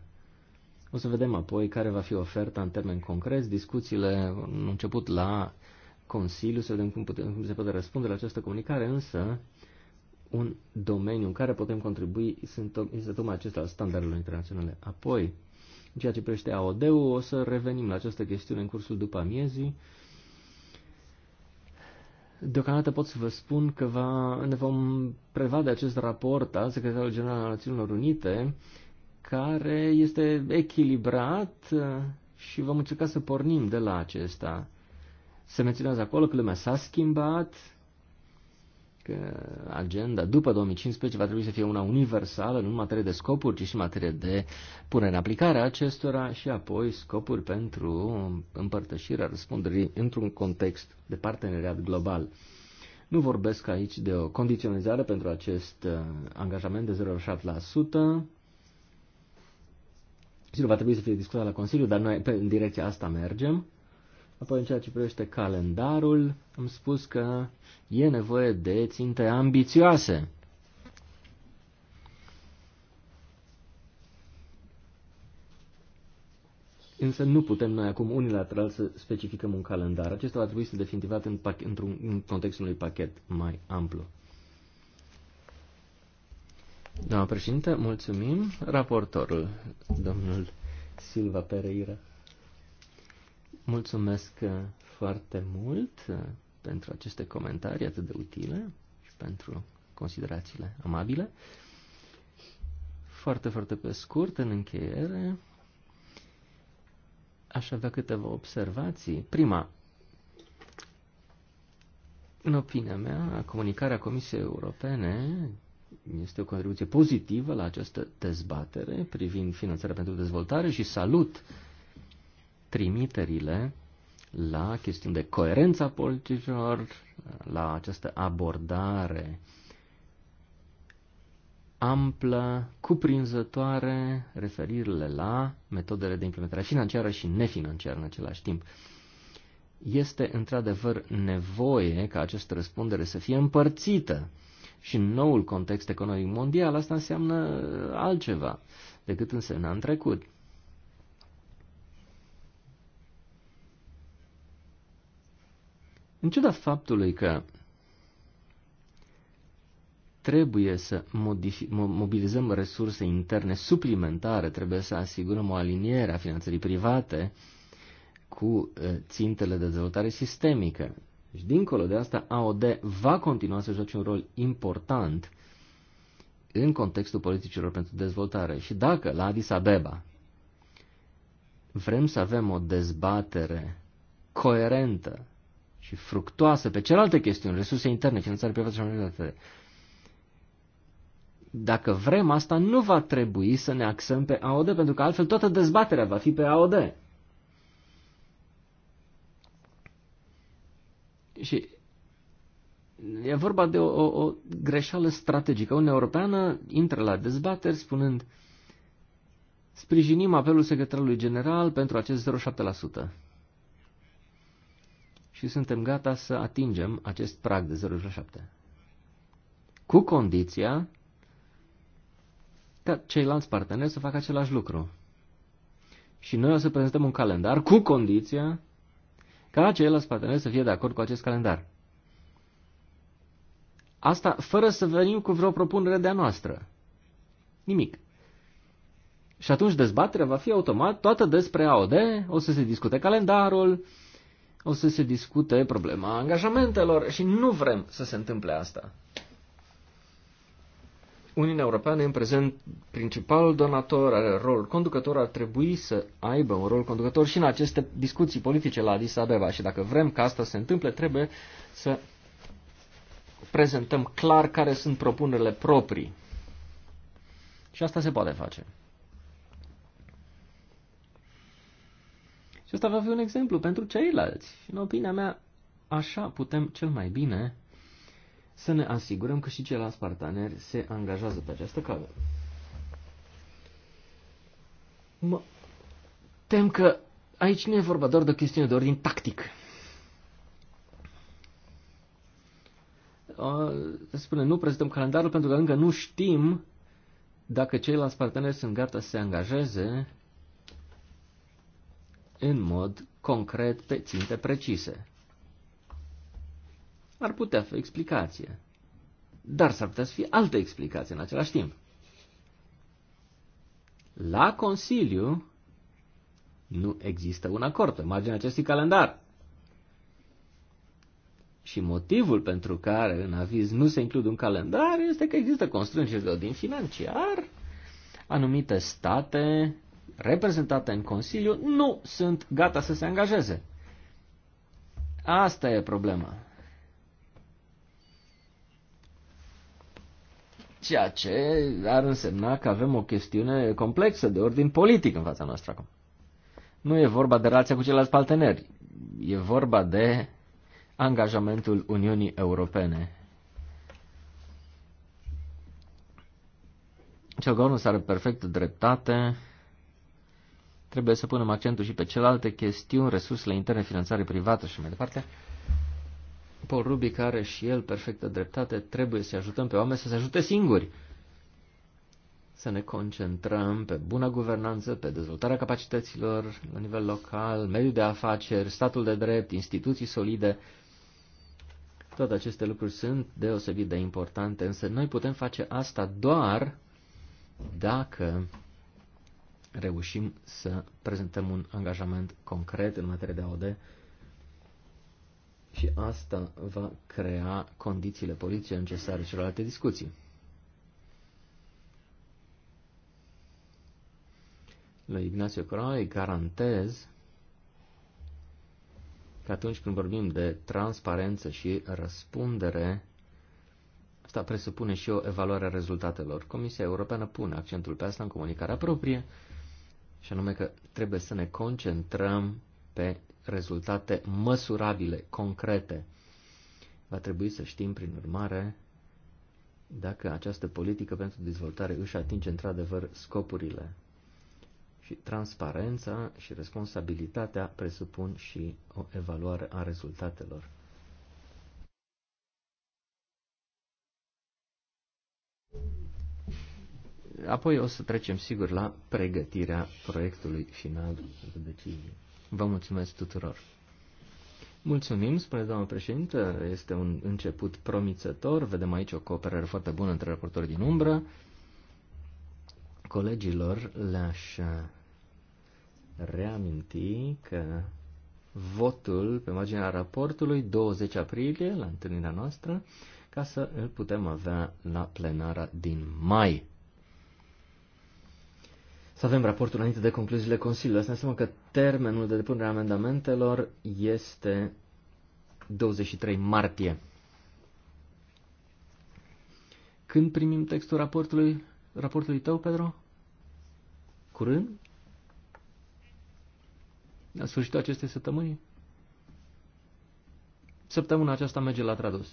O să vedem apoi care va fi oferta în termeni concreți. Discuțiile au început la Consiliu, să vedem cum, putem, cum se poate răspunde la această comunicare, însă un domeniu în care putem contribui este tocmai acesta al standardelor internaționale. Apoi, în ceea ce privește AOD-ul, o să revenim la această chestiune în cursul după amiezii. Deocamdată pot să vă spun că va, ne vom de acest raport al Secretarului General al Națiunilor Unite, care este echilibrat uh, și vom încerca să pornim de la acesta se menționează acolo că lumea s-a schimbat, că agenda după 2015 va trebui să fie una universală, nu în materie de scopuri, ci și în materie de punere în aplicare a acestora și apoi scopuri pentru împărtășirea răspunderii într-un context de parteneriat global. Nu vorbesc aici de o condiționalizare pentru acest uh, angajament de 0,7%, Sigur, va trebui să fie discutat la Consiliu, dar noi în direcția asta mergem. Apoi, în ceea ce privește calendarul, am spus că e nevoie de ținte ambițioase. Însă nu putem noi acum unilateral să specificăm un calendar. Acesta va trebui să definitivat în, într-un, în contextul unui pachet mai amplu. Doamna președinte, mulțumim. Raportorul, domnul Silva Pereira. Mulțumesc uh, foarte mult uh, pentru aceste comentarii atât de utile și pentru considerațiile amabile. Foarte, foarte pe scurt, în încheiere, aș avea câteva observații. Prima, în opinia mea, comunicarea Comisiei Europene este o contribuție pozitivă la această dezbatere privind finanțarea pentru dezvoltare și salut uh, trimiterile la chestiuni de coerența politicilor, la această abordare amplă, cuprinzătoare, referirile la metodele de implementare financiară și nefinanciară în același timp. Este într-adevăr nevoie ca această răspundere să fie împărțită și în noul context economic mondial asta înseamnă altceva decât însemna în trecut. În ciuda faptului că trebuie să mobilizăm resurse interne suplimentare, trebuie să asigurăm o aliniere a finanțării private cu eh, țintele de dezvoltare sistemică. Și deci, dincolo de asta, AOD va continua să joace un rol important în contextul politicilor pentru dezvoltare. Și dacă la Addis Abeba vrem să avem o dezbatere coerentă și fructoasă pe celelalte chestiuni, resurse interne, finanțare privată și mai departe. Dacă vrem asta, nu va trebui să ne axăm pe AOD, pentru că altfel toată dezbaterea va fi pe AOD. Și e vorba de o, o, o greșeală strategică. Uniunea Europeană intră la dezbateri spunând sprijinim apelul secretarului general pentru acest și suntem gata să atingem acest prag de 0,7. Cu condiția ca ceilalți parteneri să facă același lucru. Și noi o să prezentăm un calendar cu condiția ca ceilalți parteneri să fie de acord cu acest calendar. Asta fără să venim cu vreo propunere de-a noastră. Nimic. Și atunci dezbaterea va fi automat toată despre AOD, o să se discute calendarul, o să se discute problema angajamentelor și nu vrem să se întâmple asta. Uniunea Europeană, în prezent, principal donator, are rol conducător, ar trebui să aibă un rol conducător și în aceste discuții politice la Addis Abeba. Și dacă vrem ca asta să se întâmple, trebuie să prezentăm clar care sunt propunerile proprii. Și asta se poate face. Și asta va fi un exemplu pentru ceilalți. În opinia mea, așa putem cel mai bine să ne asigurăm că și ceilalți parteneri se angajează pe această cale. Mă tem că aici nu e vorba doar de o chestiune de ordin tactic. Se spune, nu prezentăm calendarul pentru că încă nu știm dacă ceilalți parteneri sunt gata să se angajeze în mod concret pe ținte precise. Ar putea fi o explicație, dar s-ar putea să fie altă explicație în același timp. La Consiliu nu există un acord pe marginea acestui calendar. Și motivul pentru care în aviz nu se include un calendar este că există constrângeri de ordin financiar. Anumite state reprezentate în Consiliu nu sunt gata să se angajeze. Asta e problema. Ceea ce ar însemna că avem o chestiune complexă de ordin politic în fața noastră acum. Nu e vorba de relația cu ceilalți parteneri, e vorba de angajamentul Uniunii Europene. Ciogonul s are perfect dreptate Trebuie să punem accentul și pe celelalte chestiuni, resursele interne, finanțare privată și mai departe. Paul Rubic are și el perfectă dreptate, trebuie să ajutăm pe oameni să se ajute singuri. Să ne concentrăm pe bună guvernanță, pe dezvoltarea capacităților la nivel local, mediul de afaceri, statul de drept, instituții solide. Toate aceste lucruri sunt deosebit de importante, însă noi putem face asta doar dacă reușim să prezentăm un angajament concret în materie de AOD și asta va crea condițiile politice necesare celorlalte discuții. La Ignacio Coroi garantez că atunci când vorbim de transparență și răspundere, asta presupune și o evaluare a rezultatelor. Comisia Europeană pune accentul pe asta în comunicarea proprie, și anume că trebuie să ne concentrăm pe rezultate măsurabile, concrete. Va trebui să știm, prin urmare, dacă această politică pentru dezvoltare își atinge într-adevăr scopurile. Și transparența și responsabilitatea presupun și o evaluare a rezultatelor. Apoi o să trecem sigur la pregătirea proiectului final de decizie. Vă mulțumesc tuturor! Mulțumim, spune doamna președintă, este un început promițător, vedem aici o cooperare foarte bună între raportori din umbră. Colegilor le-aș reaminti că votul pe marginea raportului 20 aprilie la întâlnirea noastră ca să îl putem avea la plenara din mai să avem raportul înainte de concluziile Consiliului. Asta înseamnă că termenul de depunere a amendamentelor este 23 martie. Când primim textul raportului, raportului tău, Pedro? Curând? La sfârșitul acestei săptămâni? Săptămâna aceasta merge la tradus,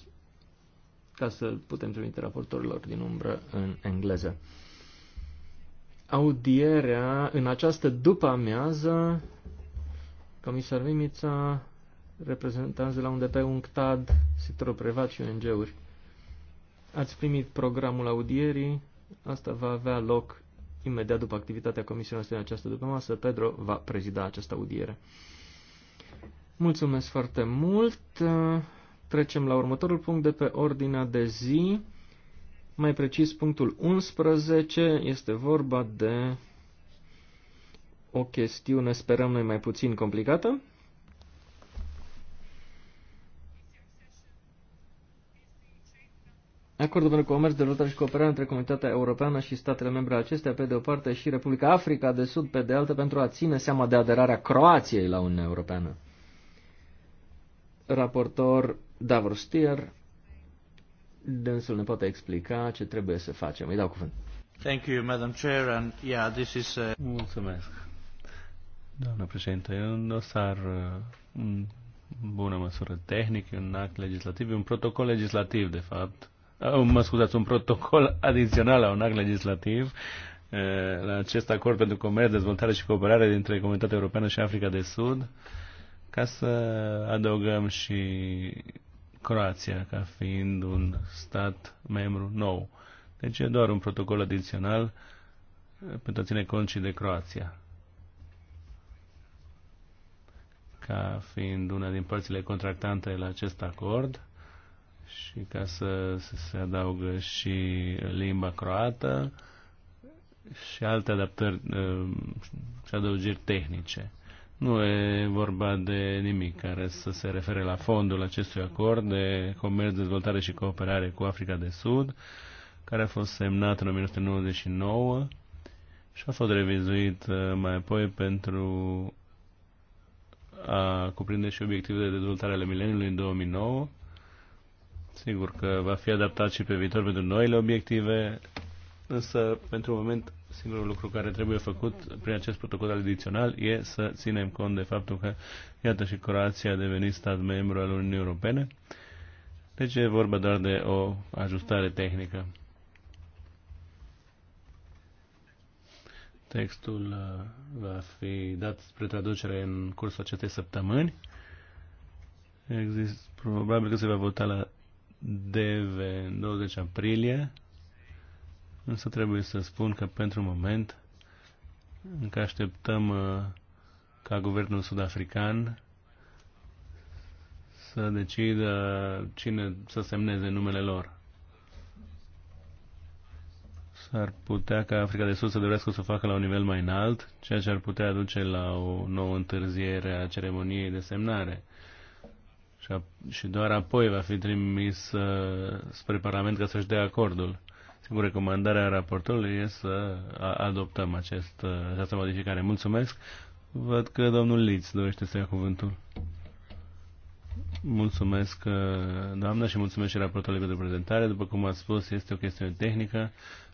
ca să putem trimite raportorilor din umbră în engleză audierea în această după-amiază. Comisar Vimița, reprezentanți de la UNDP, UNCTAD, sectorul privat și ONG-uri. Ați primit programul audierii. Asta va avea loc imediat după activitatea comisiei noastre în această după masă. Pedro va prezida această audiere. Mulțumesc foarte mult. Trecem la următorul punct de pe ordinea de zi. Mai precis, punctul 11 este vorba de o chestiune, sperăm noi, mai puțin complicată. Acordul pentru comerț, dezvoltare și cooperare între Comunitatea Europeană și statele membre acestea, pe de o parte, și Republica Africa de Sud, pe de altă, pentru a ține seama de aderarea Croației la Uniunea Europeană. Raportor Davor Stier, dânsul ne poate explica ce trebuie să facem. Îi dau cuvânt. Thank you, Madam Chair, and yeah, this is a... Mulțumesc. Doamna președinte, e un dosar uh, în bună măsură tehnic, un act legislativ, un protocol legislativ, de fapt. Ah, mă scuzați, un protocol *laughs* adițional la un act legislativ uh, la acest acord pentru comerț, dezvoltare și cooperare dintre Comunitatea Europeană și Africa de Sud, ca să adăugăm și Croația ca fiind un stat membru nou. Deci e doar un protocol adițional pentru a ține cont și de Croația. Ca fiind una din părțile contractante la acest acord și ca să, să se adaugă și limba croată și alte adaptări uh, și adăugiri tehnice. Nu e vorba de nimic care să se refere la fondul acestui acord de comerț, dezvoltare și cooperare cu Africa de Sud, care a fost semnat în 1999 și a fost revizuit uh, mai apoi pentru a cuprinde și obiectivele de dezvoltare ale mileniului în 2009. Sigur că va fi adaptat și pe viitor pentru noile obiective, însă pentru moment singurul lucru care trebuie făcut prin acest protocol adițional e să ținem cont de faptul că, iată, și Croația a devenit stat membru al Uniunii Europene. Deci e vorba doar de o ajustare tehnică. Textul uh, va fi dat spre traducere în cursul acestei săptămâni. Există probabil că se va vota la DV în 20 aprilie Însă trebuie să spun că pentru moment încă așteptăm uh, ca guvernul sud-african să decidă cine să semneze numele lor. S-ar putea ca Africa de Sud să dorească să o facă la un nivel mai înalt, ceea ce ar putea aduce la o nouă întârziere a ceremoniei de semnare. Și, a, și doar apoi va fi trimis uh, spre Parlament ca să-și dea acordul. Sigur, recomandarea raportorului este să adoptăm acest, uh, această modificare. Mulțumesc. Văd că domnul Liț dorește să ia cuvântul. Mulțumesc, uh, doamnă, și mulțumesc și raportorului pentru prezentare. După cum ați spus, este o chestiune tehnică.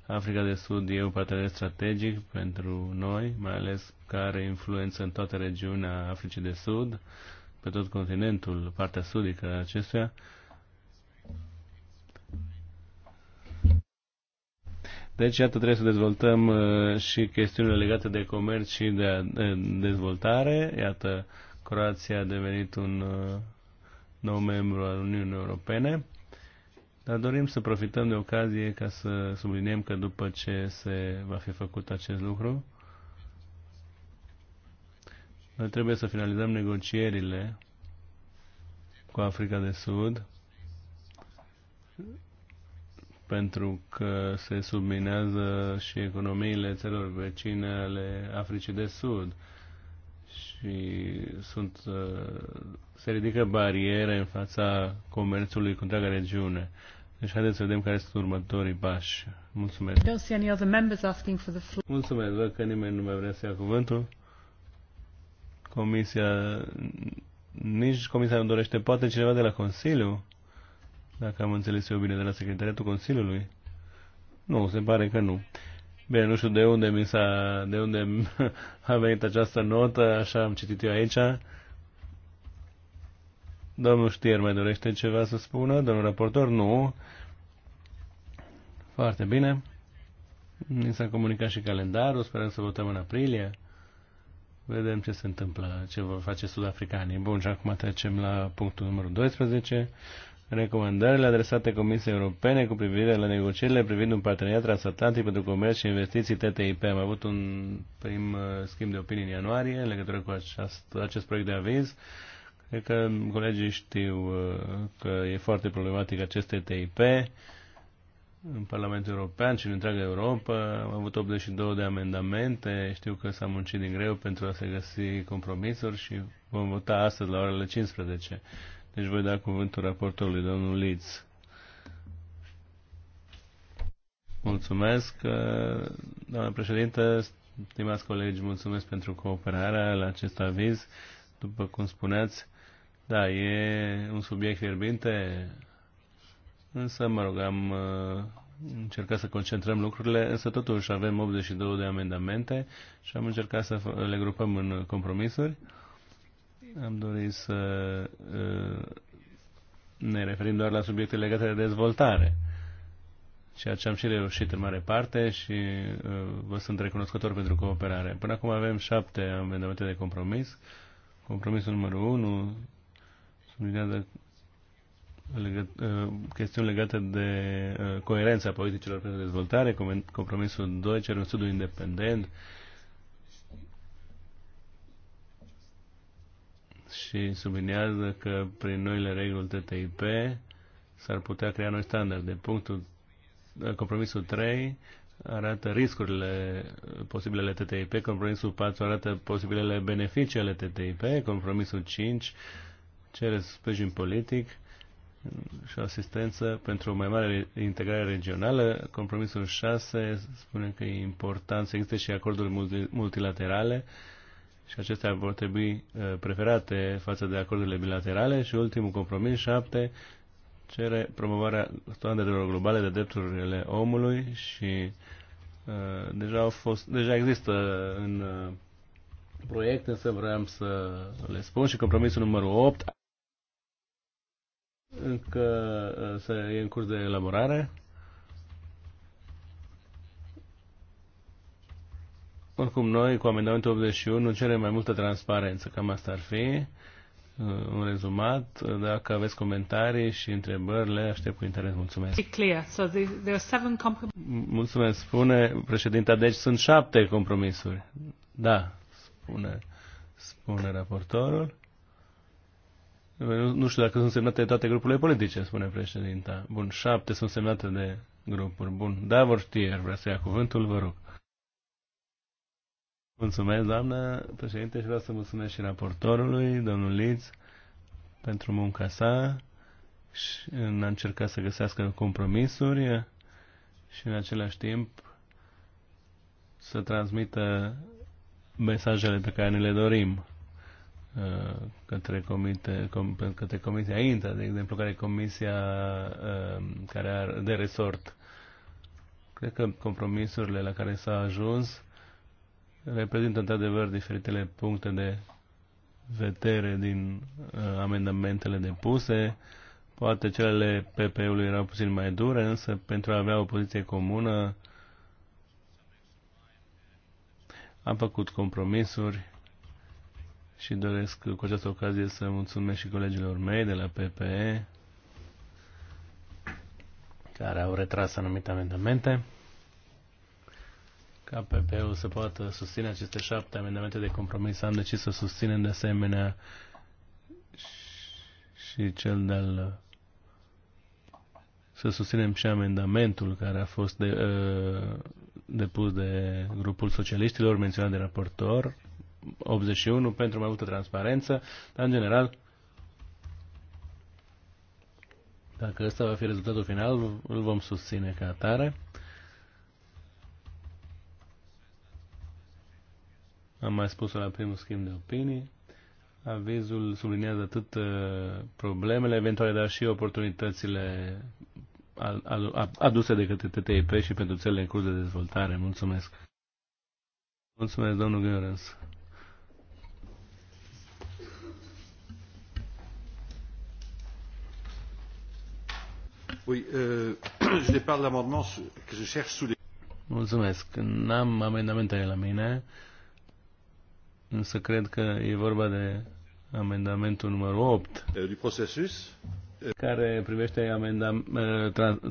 Africa de Sud e un partener strategic pentru noi, mai ales care influență în toată regiunea Africii de Sud, pe tot continentul, partea sudică a acestuia. Deci, iată, trebuie să dezvoltăm uh, și chestiunile legate de comerț și de uh, dezvoltare. Iată, Croația a devenit un uh, nou membru al Uniunii Europene. Dar dorim să profităm de ocazie ca să subliniem că după ce se va fi făcut acest lucru, noi trebuie să finalizăm negocierile cu Africa de Sud pentru că se subminează și economiile țărilor vecine ale Africii de Sud și sunt, uh, se ridică bariere în fața comerțului cu întreaga regiune. Deci haideți să vedem care sunt următorii pași. Mulțumesc. don't see any other members asking for the floor. Mulțumesc, văd că nimeni nu mai vrea să ia cuvântul. Comisia, nici comisia nu dorește, poate cineva de la Consiliu? dacă am înțeles eu bine de la Secretariatul Consiliului. Nu, se pare că nu. Bine, nu știu de unde mi s-a, de unde *laughs* a venit această notă, așa am citit eu aici. Domnul Știer mai dorește ceva să spună? Domnul raportor? Nu. Foarte bine. Ni s-a comunicat și calendarul, sperăm să votăm în aprilie. Vedem ce se întâmplă, ce vor face sudafricanii. Bun, și acum trecem la punctul numărul 12 recomandările adresate Comisiei Europene cu privire la negocierile privind un parteneriat transatlantic pentru comerț și investiții TTIP. Am avut un prim uh, schimb de opinii în ianuarie în legătură cu acest, acest proiect de aviz. Cred că colegii știu uh, că e foarte problematic acest TTIP în Parlamentul European și în întreaga Europa. Am avut 82 de amendamente. Știu că s-a muncit din greu pentru a se găsi compromisuri și vom vota astăzi la orele 15. Deci voi da cuvântul raportorului domnul Litz. Mulțumesc, uh, doamnă președintă, stimați colegi, mulțumesc pentru cooperarea la acest aviz. După cum spuneați, da, e un subiect fierbinte, însă, mă rog, am uh, încercat să concentrăm lucrurile, însă totuși avem 82 de amendamente și am încercat să le grupăm în compromisuri. Am dorit să ne referim doar la subiecte legate de dezvoltare, ceea ce am și reușit în mare parte și vă sunt recunoscător pentru cooperare. Până acum avem șapte amendamente de compromis. Compromisul numărul 1 sublinează legă, chestiuni legate de coerența politicilor pentru dezvoltare. Compromisul 2 cer un studiu independent și subliniază că prin noile reguli TTIP s-ar putea crea noi standarde. Punctul, compromisul 3 arată riscurile posibilele TTIP, compromisul 4 arată posibilele beneficii ale TTIP, compromisul 5 cere sprijin politic și asistență pentru o mai mare integrare regională. Compromisul 6 spune că e important să existe și acorduri multilaterale și acestea vor trebui uh, preferate față de acordurile bilaterale și ultimul compromis, 7, cere promovarea standardelor globale de drepturile omului și uh, deja, au fost, deja există în uh, proiect, însă vreau să le spun și compromisul numărul 8 încă să se e în curs de elaborare Oricum, noi cu amendamentul 81 cerem mai multă transparență, cam asta ar fi un uh, rezumat. Dacă aveți comentarii și întrebări, le aștept cu interes. Mulțumesc. Mulțumesc. Spune președinta, deci sunt șapte compromisuri. Da, spune, spune raportorul. Nu știu dacă sunt semnate de toate grupurile politice, spune președinta. Bun, șapte sunt semnate de grupuri. Bun, da, vor știe, vrea să ia cuvântul, vă rog. Mulțumesc, doamnă președinte, și vreau să mulțumesc și raportorului, domnul Liț, pentru munca sa și în a încerca să găsească compromisuri și în același timp să transmită mesajele pe care ne le dorim uh, către, comite, com, către Comisia Intra, de exemplu, care e comisia uh, care are de resort. Cred că compromisurile la care s-a ajuns reprezintă într-adevăr diferitele puncte de vedere din uh, amendamentele depuse. Poate cele PP-ului erau puțin mai dure, însă pentru a avea o poziție comună am făcut compromisuri și doresc cu această ocazie să mulțumesc și colegilor mei de la PPE care au retras anumite amendamente ca PP-ul să poată susține aceste șapte amendamente de compromis. Am decis să susținem de asemenea și cel de-al să susținem și amendamentul care a fost de, uh, depus de grupul socialiștilor menționat de raportor 81 pentru mai multă transparență, dar în general dacă ăsta va fi rezultatul final, îl vom susține ca atare. Am mai spus-o la primul schimb de opinii. Avizul sublinează atât uh, problemele eventuale, dar și oportunitățile aduse de către TTIP și pentru țările în curs de dezvoltare. Mulțumesc! Mulțumesc, domnul Gărâns! Oui, euh, *clears throat* je n'ai l'amendement que je cherche sous les... Mulțumesc. N-am amendamentele la mine însă cred că e vorba de amendamentul numărul 8 du procesus care privește amendam,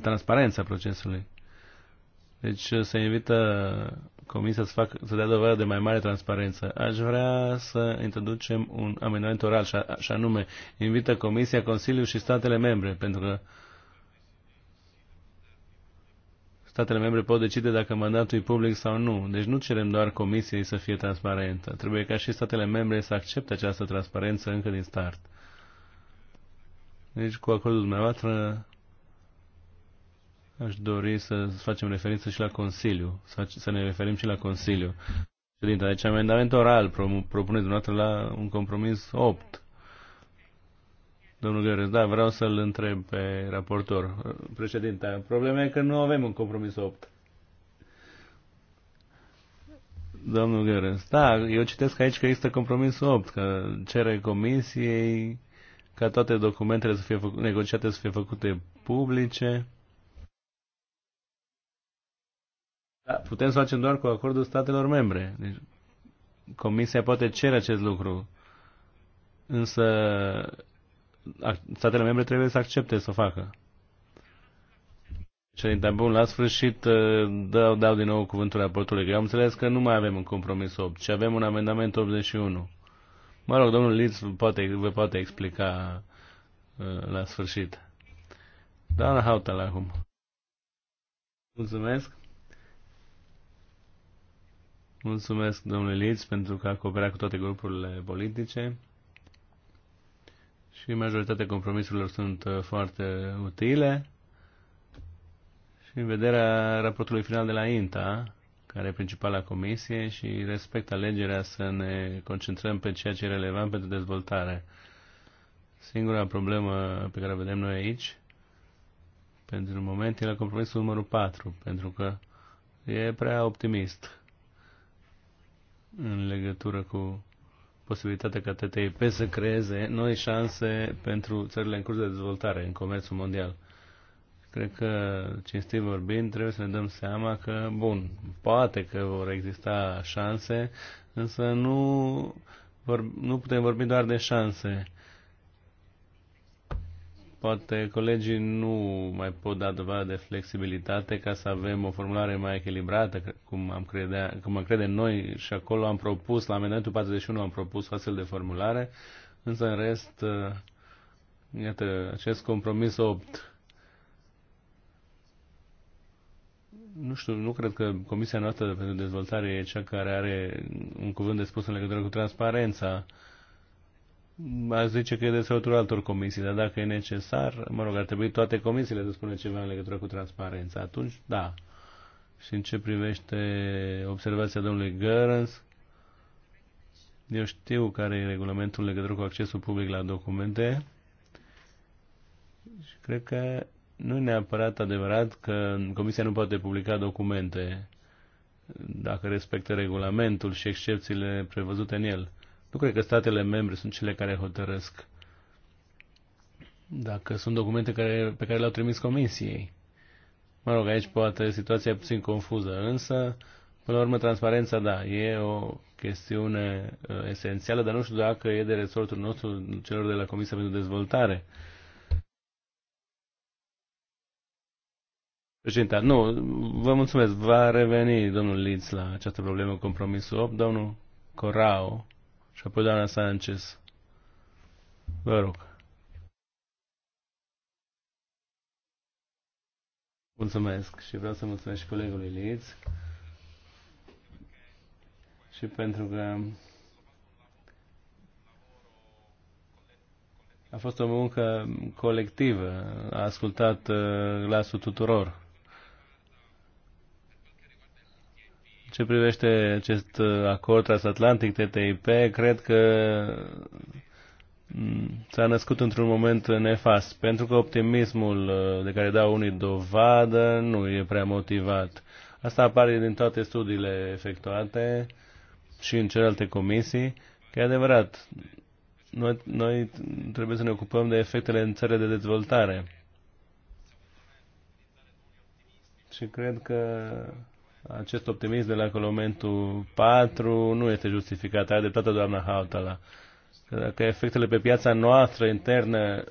transparența procesului. Deci se invită Comisia să, fac, să dea dovadă de mai mare transparență. Aș vrea să introducem un amendament oral și anume invită Comisia, Consiliul și statele membre, pentru că uh, statele membre pot decide dacă mandatul e public sau nu. Deci nu cerem doar comisiei să fie transparentă. Trebuie ca și statele membre să accepte această transparență încă din start. Deci, cu acordul dumneavoastră, aș dori să facem referință și la Consiliu, să ne referim și la Consiliu. deci amendament oral propuneți dumneavoastră la un compromis 8. Domnul Gărâns, da, vreau să-l întreb pe raportor. Uh, președinte, problema e că nu avem un compromis 8. Domnul Gărâns, da, eu citesc aici că există compromis 8, că cere comisiei ca toate documentele să fie făcute, negociate să fie făcute publice. Da, putem să facem doar cu acordul statelor membre. Deci, comisia poate cere acest lucru. Însă statele membre trebuie să accepte să o facă. din bun, la sfârșit uh, dau, dau din nou cuvântul raportului. Eu am înțeles că nu mai avem un compromis 8, ci avem un amendament 81. Mă rog, domnul Liț poate, vă poate explica uh, la sfârșit. Doamna la acum. Mulțumesc. Mulțumesc, domnule Liz, pentru că a cooperat cu toate grupurile politice și majoritatea compromisurilor sunt uh, foarte utile. Și în vederea raportului final de la INTA, care e principala comisie și respect alegerea să ne concentrăm pe ceea ce e relevant pentru dezvoltare. Singura problemă pe care o vedem noi aici, pentru moment, e la compromisul numărul 4, pentru că e prea optimist în legătură cu posibilitatea ca TTIP să creeze noi șanse pentru țările în curs de dezvoltare în comerțul mondial. Cred că, cinstit vorbind, trebuie să ne dăm seama că, bun, poate că vor exista șanse, însă nu, vor, nu putem vorbi doar de șanse Poate colegii nu mai pot da dovadă de flexibilitate ca să avem o formulare mai echilibrată, cum am, credea, cum am crede noi și acolo am propus, la amendamentul 41 am propus o astfel de formulare, însă în rest, uh, iată, acest compromis 8 nu știu, nu cred că Comisia noastră pentru dezvoltare e cea care are un cuvânt de spus în legătură cu transparența. Uh, aș zice că e de sărutul altor comisii, dar dacă e necesar, mă rog, ar trebui toate comisiile să spună ceva în legătură cu transparența. Atunci, da. Și în ce privește observația domnului Gărâns, eu știu care e regulamentul în legătură cu accesul public la documente și cred că nu e neapărat adevărat că Comisia nu poate publica documente dacă respectă regulamentul și excepțiile prevăzute în el. Nu cred că statele membre sunt cele care hotărăsc dacă sunt documente care, pe care le-au trimis comisiei. Mă rog, aici poate situația e puțin confuză, însă, până la urmă, transparența, da, e o chestiune uh, esențială, dar nu știu dacă e de resortul nostru, celor de la Comisia pentru Dezvoltare. Președinte, nu, vă mulțumesc. Va reveni domnul Liț la această problemă, compromisul 8. Domnul Corao și apoi doamna Sanchez. Vă rog. Mulțumesc și vreau să mulțumesc și colegului Liz și pentru că a fost o muncă colectivă, a ascultat uh, glasul tuturor. ce privește acest uh, acord transatlantic TTIP, cred că mm, s-a născut într-un moment nefast, pentru că optimismul uh, de care dau unii dovadă nu e prea motivat. Asta apare din toate studiile efectuate și în celelalte comisii, că e adevărat, noi, noi trebuie să ne ocupăm de efectele în țările de dezvoltare. Și cred că acest optimism de la colomentul 4 nu este justificat. Are dreptate doamna Hautala. Că dacă efectele pe piața noastră internă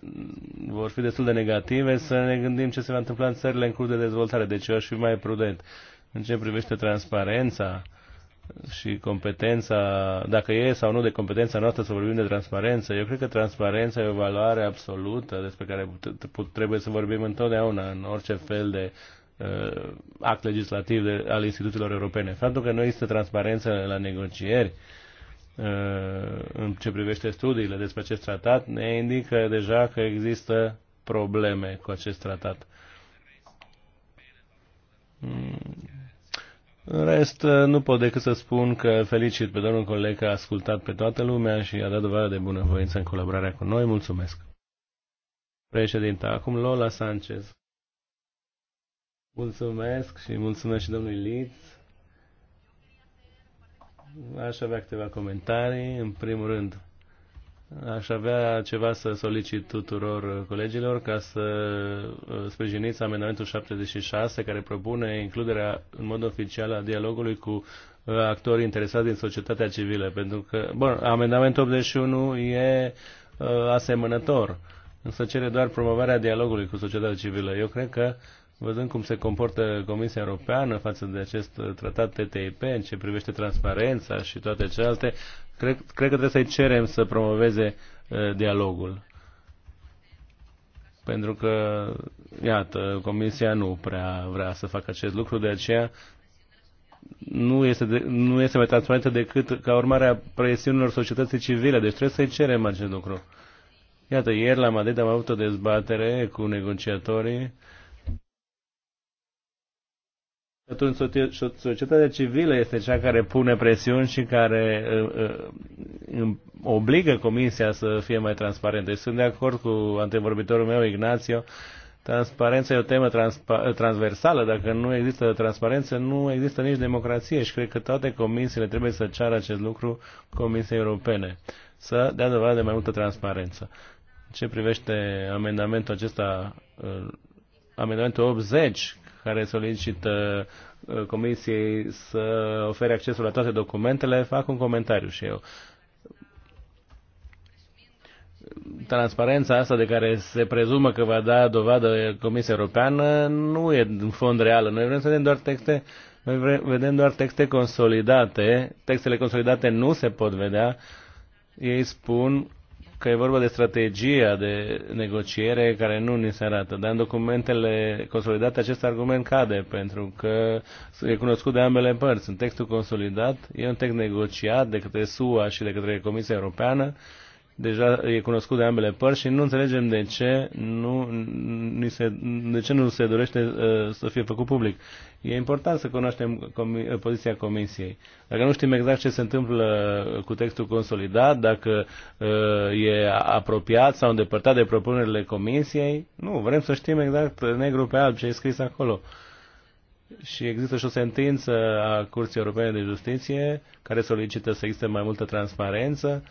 vor fi destul de negative, să ne gândim ce se va întâmpla în țările în curs de dezvoltare. Deci eu aș fi mai prudent. În ce privește transparența și competența, dacă e sau nu de competența noastră să vorbim de transparență, eu cred că transparența e o valoare absolută despre care trebuie să vorbim întotdeauna în orice fel de Uh, act legislativ de, al instituțiilor europene. Faptul că nu există transparență la negocieri uh, în ce privește studiile despre acest tratat ne indică deja că există probleme cu acest tratat. Mm. În rest, uh, nu pot decât să spun că felicit pe domnul coleg că a ascultat pe toată lumea și a dat dovadă de bunăvoință în colaborarea cu noi. Mulțumesc! Președinte, acum Lola Sanchez. Mulțumesc și mulțumesc și domnului Liț. Aș avea câteva comentarii. În primul rând, aș avea ceva să solicit tuturor colegilor ca să uh, sprijiniți amendamentul 76 care propune includerea în mod oficial a dialogului cu uh, actori interesați din societatea civilă. Pentru că, bun, amendamentul 81 e uh, asemănător, însă cere doar promovarea dialogului cu societatea civilă. Eu cred că văzând cum se comportă Comisia Europeană față de acest uh, tratat TTIP în ce privește transparența și toate celelalte, cred, cred că trebuie să-i cerem să promoveze uh, dialogul. Pentru că, iată, Comisia nu prea vrea să facă acest lucru, de aceea nu este, de, nu este mai transparentă decât ca urmare a presiunilor societății civile. Deci trebuie să-i cerem acest lucru. Iată, ieri la Madrid am avut o dezbatere cu negociatorii atunci societatea civilă este cea care pune presiuni și care uh, uh, obligă Comisia să fie mai transparentă. Deci sunt de acord cu antevorbitorul meu, Ignacio? Transparența e o temă transversală. Dacă nu există transparență, nu există nici democrație și cred că toate comisiile trebuie să ceară acest lucru Comisiei Europene, să dea dovadă de mai multă transparență. ce privește amendamentul acesta, uh, amendamentul 80, care solicită uh, Comisiei să ofere accesul la toate documentele, fac un comentariu și eu transparența asta de care se prezumă că va da dovadă Comisia Europeană nu e în fond reală. Noi vrem să vedem doar texte, noi vrem, vedem doar texte consolidate. Textele consolidate nu se pot vedea. Ei spun că e vorba de strategia de negociere care nu ni se arată, dar în documentele consolidate acest argument cade, pentru că e cunoscut de ambele părți. În textul consolidat e un text negociat de către SUA și de către Comisia Europeană, deja e cunoscut de ambele părți și nu înțelegem de ce nu, ni se, de ce nu se dorește uh, să fie făcut public. E important să cunoaștem comi, uh, poziția Comisiei. Dacă nu știm exact ce se întâmplă cu textul consolidat, dacă uh, e apropiat sau îndepărtat de propunerile Comisiei, nu, vrem să știm exact uh, negru pe alb ce e scris acolo. Și există și o sentință a Curții Europene de Justiție care solicită să existe mai multă transparență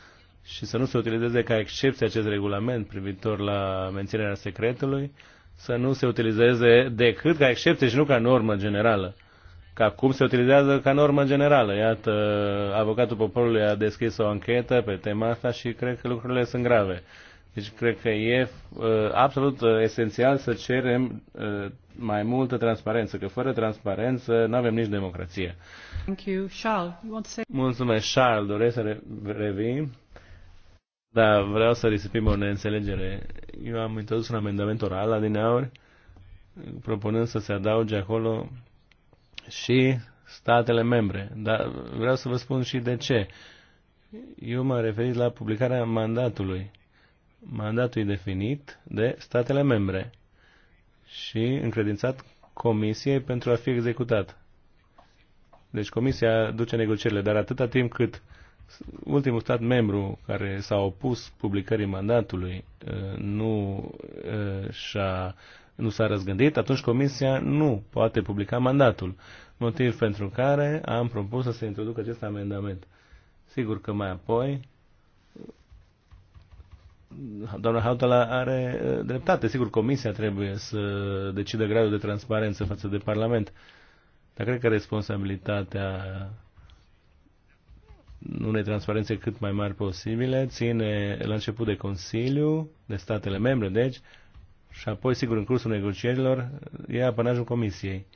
și să nu se utilizeze ca excepție acest regulament privitor la menținerea secretului, să nu se utilizeze decât ca excepție și nu ca normă generală. Ca cum se utilizează ca normă generală. Iată, avocatul poporului a deschis o anchetă pe tema asta și cred că lucrurile sunt grave. Deci cred că e uh, absolut uh, esențial să cerem uh, mai multă transparență, că fără transparență nu avem nici democrație. Thank you. Charles, you want to say... Mulțumesc, Charles. Doresc să revii. Da, vreau să risipim o neînțelegere. Eu am introdus un amendament oral la dineauri, propunând să se adauge acolo și statele membre. Dar vreau să vă spun și de ce. Eu m-am referit la publicarea mandatului. Mandatul e definit de statele membre și încredințat Comisiei pentru a fi executat. Deci Comisia duce negocierile, dar atâta timp cât uh, ultimul stat membru care s-a opus publicării mandatului uh, nu uh, și-a nu s-a răzgândit, atunci Comisia nu poate publica mandatul, motiv pentru care am propus să se introducă acest amendament. Sigur că mai apoi doamna Hautala are uh, dreptate. Sigur, Comisia trebuie să decidă gradul de transparență față de Parlament. Dar cred că responsabilitatea unei transparențe cât mai mari posibile, ține la început de Consiliu, de statele membre, deci, și apoi, sigur, în cursul negocierilor, e apanajul Comisiei.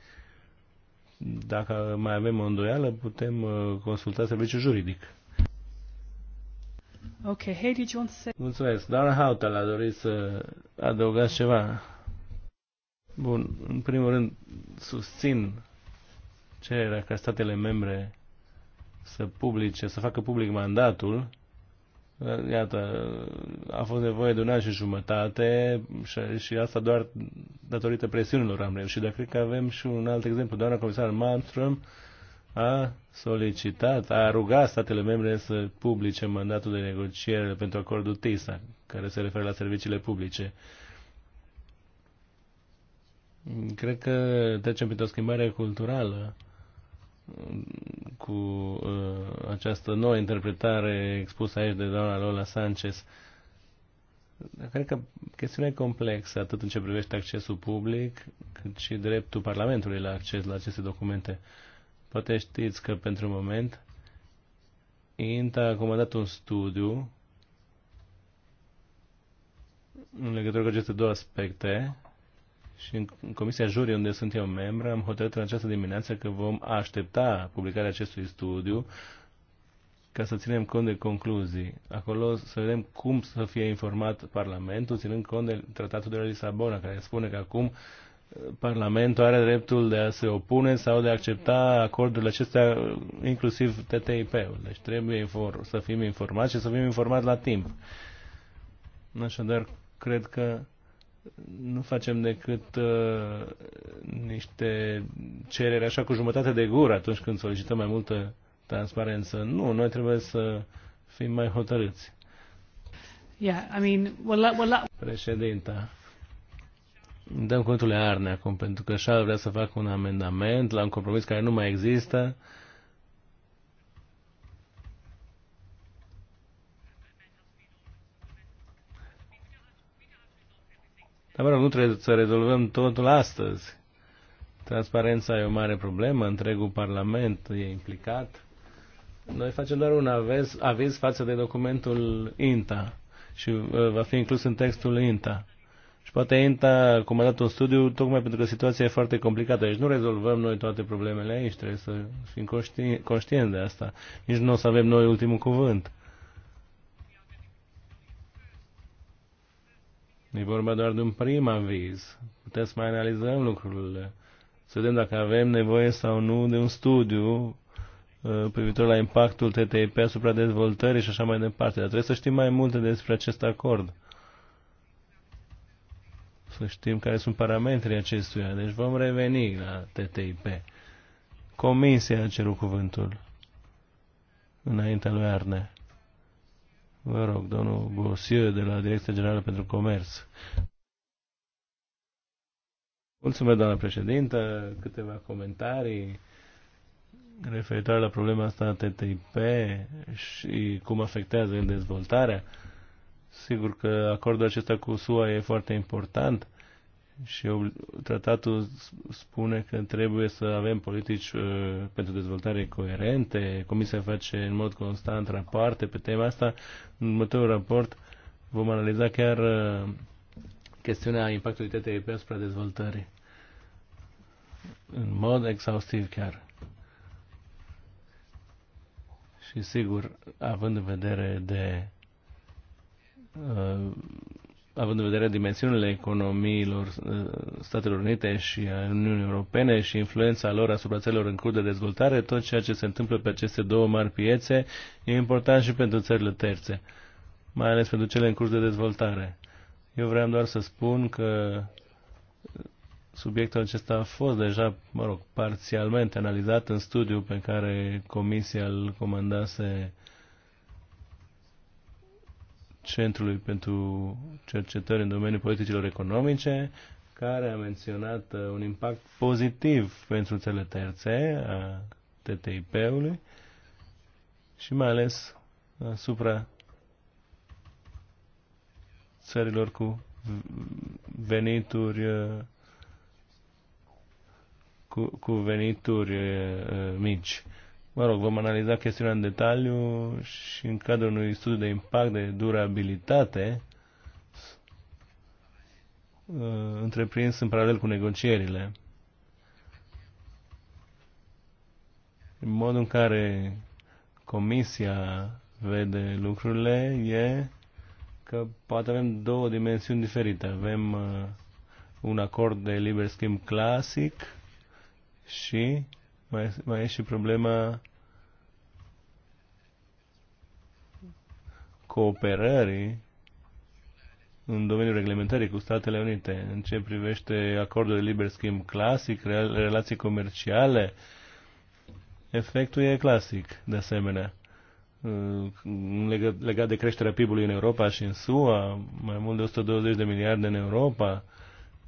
Dacă mai avem o îndoială, putem uh, consulta serviciul juridic. Ok, hey, did you want to say... Mulțumesc. Doamna Hautel a dorit să adăugați ceva. Bun, în primul rând, susțin cererea ca statele membre să publice, să facă public mandatul, iată, a fost nevoie de un an și jumătate și, și asta doar datorită presiunilor am reușit. Dar cred că avem și un alt exemplu. Doamna comisar Malmström a solicitat, a rugat statele membre să publice mandatul de negociere pentru acordul TISA, care se referă la serviciile publice. Cred că trecem printr-o schimbare culturală cu uh, această nouă interpretare expusă aici de doamna Lola Sanchez. Cred că chestiunea e complexă, atât în ce privește accesul public, cât și dreptul Parlamentului la acces la aceste documente. Poate știți că, pentru moment, INTA a comandat un studiu în legătură cu aceste două aspecte, și în Comisia Jurii, unde sunt eu membru, am hotărât în această dimineață că vom aștepta publicarea acestui studiu ca să ținem cont de concluzii. Acolo să vedem cum să fie informat Parlamentul, ținând cont de Tratatul de la Lisabona, care spune că acum eh, Parlamentul are dreptul de a se opune sau de a accepta acordurile acestea, inclusiv TTIP-ul. Deci trebuie să fim informați și să fim informați la timp. Așadar, cred că nu facem decât uh, niște cereri așa cu jumătate de gură atunci când solicităm mai multă transparență. Nu, noi trebuie să fim mai hotărâți. Yeah, I mean, well, let, well, let... Președinta. Dăm cuvântul lui Arne acum, pentru că așa vrea să facă un amendament la un compromis care nu mai există. Uh, Dar, mă rog, nu trebuie să rezolvăm totul astăzi. Transparența e o mare problemă, întregul Parlament e implicat. Noi facem doar un aviz, aviz față de documentul INTA și uh, va fi inclus în textul INTA. Și poate INTA a dat un studiu tocmai pentru că situația e foarte complicată. Deci nu rezolvăm noi toate problemele aici, trebuie să fim conștienți de asta. Nici nu o să avem noi ultimul cuvânt. E vorba doar de un prim aviz. Putem să mai analizăm lucrurile. Să vedem dacă avem nevoie sau nu de un studiu uh, privitor la impactul TTIP asupra dezvoltării și așa mai departe. Dar trebuie să știm mai multe despre acest acord. Să știm care sunt parametrii acestuia. Deci vom reveni la TTIP. Comisia a cerut cuvântul înaintea lui Arne. Vă rog, domnul Bosiu de la Direcția Generală pentru Comerț. Mulțumesc, doamna președintă. Câteva comentarii referitoare la problema asta TTIP și cum afectează el dezvoltarea. Sigur că acordul acesta cu SUA e foarte important și tratatul spune că trebuie să avem politici uh, pentru dezvoltare coerente. Comisia face în mod constant rapoarte pe tema asta. În următorul raport vom analiza chiar uh, chestiunea impactului TTIP asupra dezvoltării. În mod exhaustiv chiar. Și sigur, având în vedere de uh, având în vedere dimensiunile economiilor uh, Statelor Unite și a Uniunii Europene și influența lor asupra țărilor în curs de dezvoltare, tot ceea ce se întâmplă pe aceste două mari piețe e important și pentru țările terțe, mai ales pentru cele în curs de dezvoltare. Eu vreau doar să spun că subiectul acesta a fost deja, mă rog, parțialmente analizat în studiu pe care Comisia îl comandase uh, Centrului pentru Cercetări în domeniul politicilor economice, care a menționat uh, un impact pozitiv pentru țele terțe a TTIP-ului și mai ales asupra țărilor cu venituri uh, cu, cu venituri uh, mici. Mă rog, vom analiza chestiunea în detaliu și în cadrul unui studiu de impact de durabilitate uh, întreprins în paralel cu negocierile. În modul în care Comisia vede lucrurile e că poate avem două dimensiuni diferite. Avem uh, un acord de liber schimb clasic și mai, mai e și problema cooperării în domeniul reglementării cu Statele Unite, în ce privește acordul de liber schimb clasic, relații comerciale, efectul e clasic, de asemenea. Legat de creșterea PIB-ului în Europa și în SUA, mai mult de 120 de miliarde în Europa,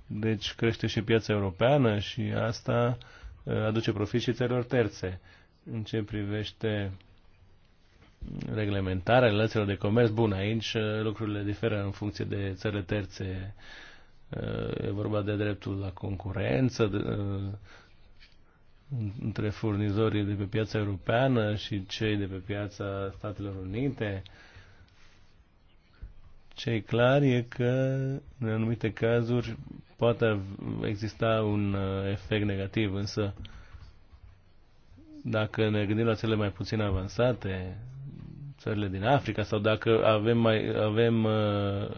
deci crește și piața europeană și asta uh, Uh, aduce profit și țărilor terțe. În ce privește reglementarea relațiilor de comerț, bun, aici uh, lucrurile diferă în funcție de țările terțe. Uh, e vorba de dreptul la concurență de, între furnizorii de pe piața europeană și cei de pe piața Statelor Unite. Ce e clar e că în anumite cazuri poate exista un uh, efect negativ, însă dacă ne gândim la cele mai puțin avansate, țările din Africa sau dacă avem, mai, avem uh,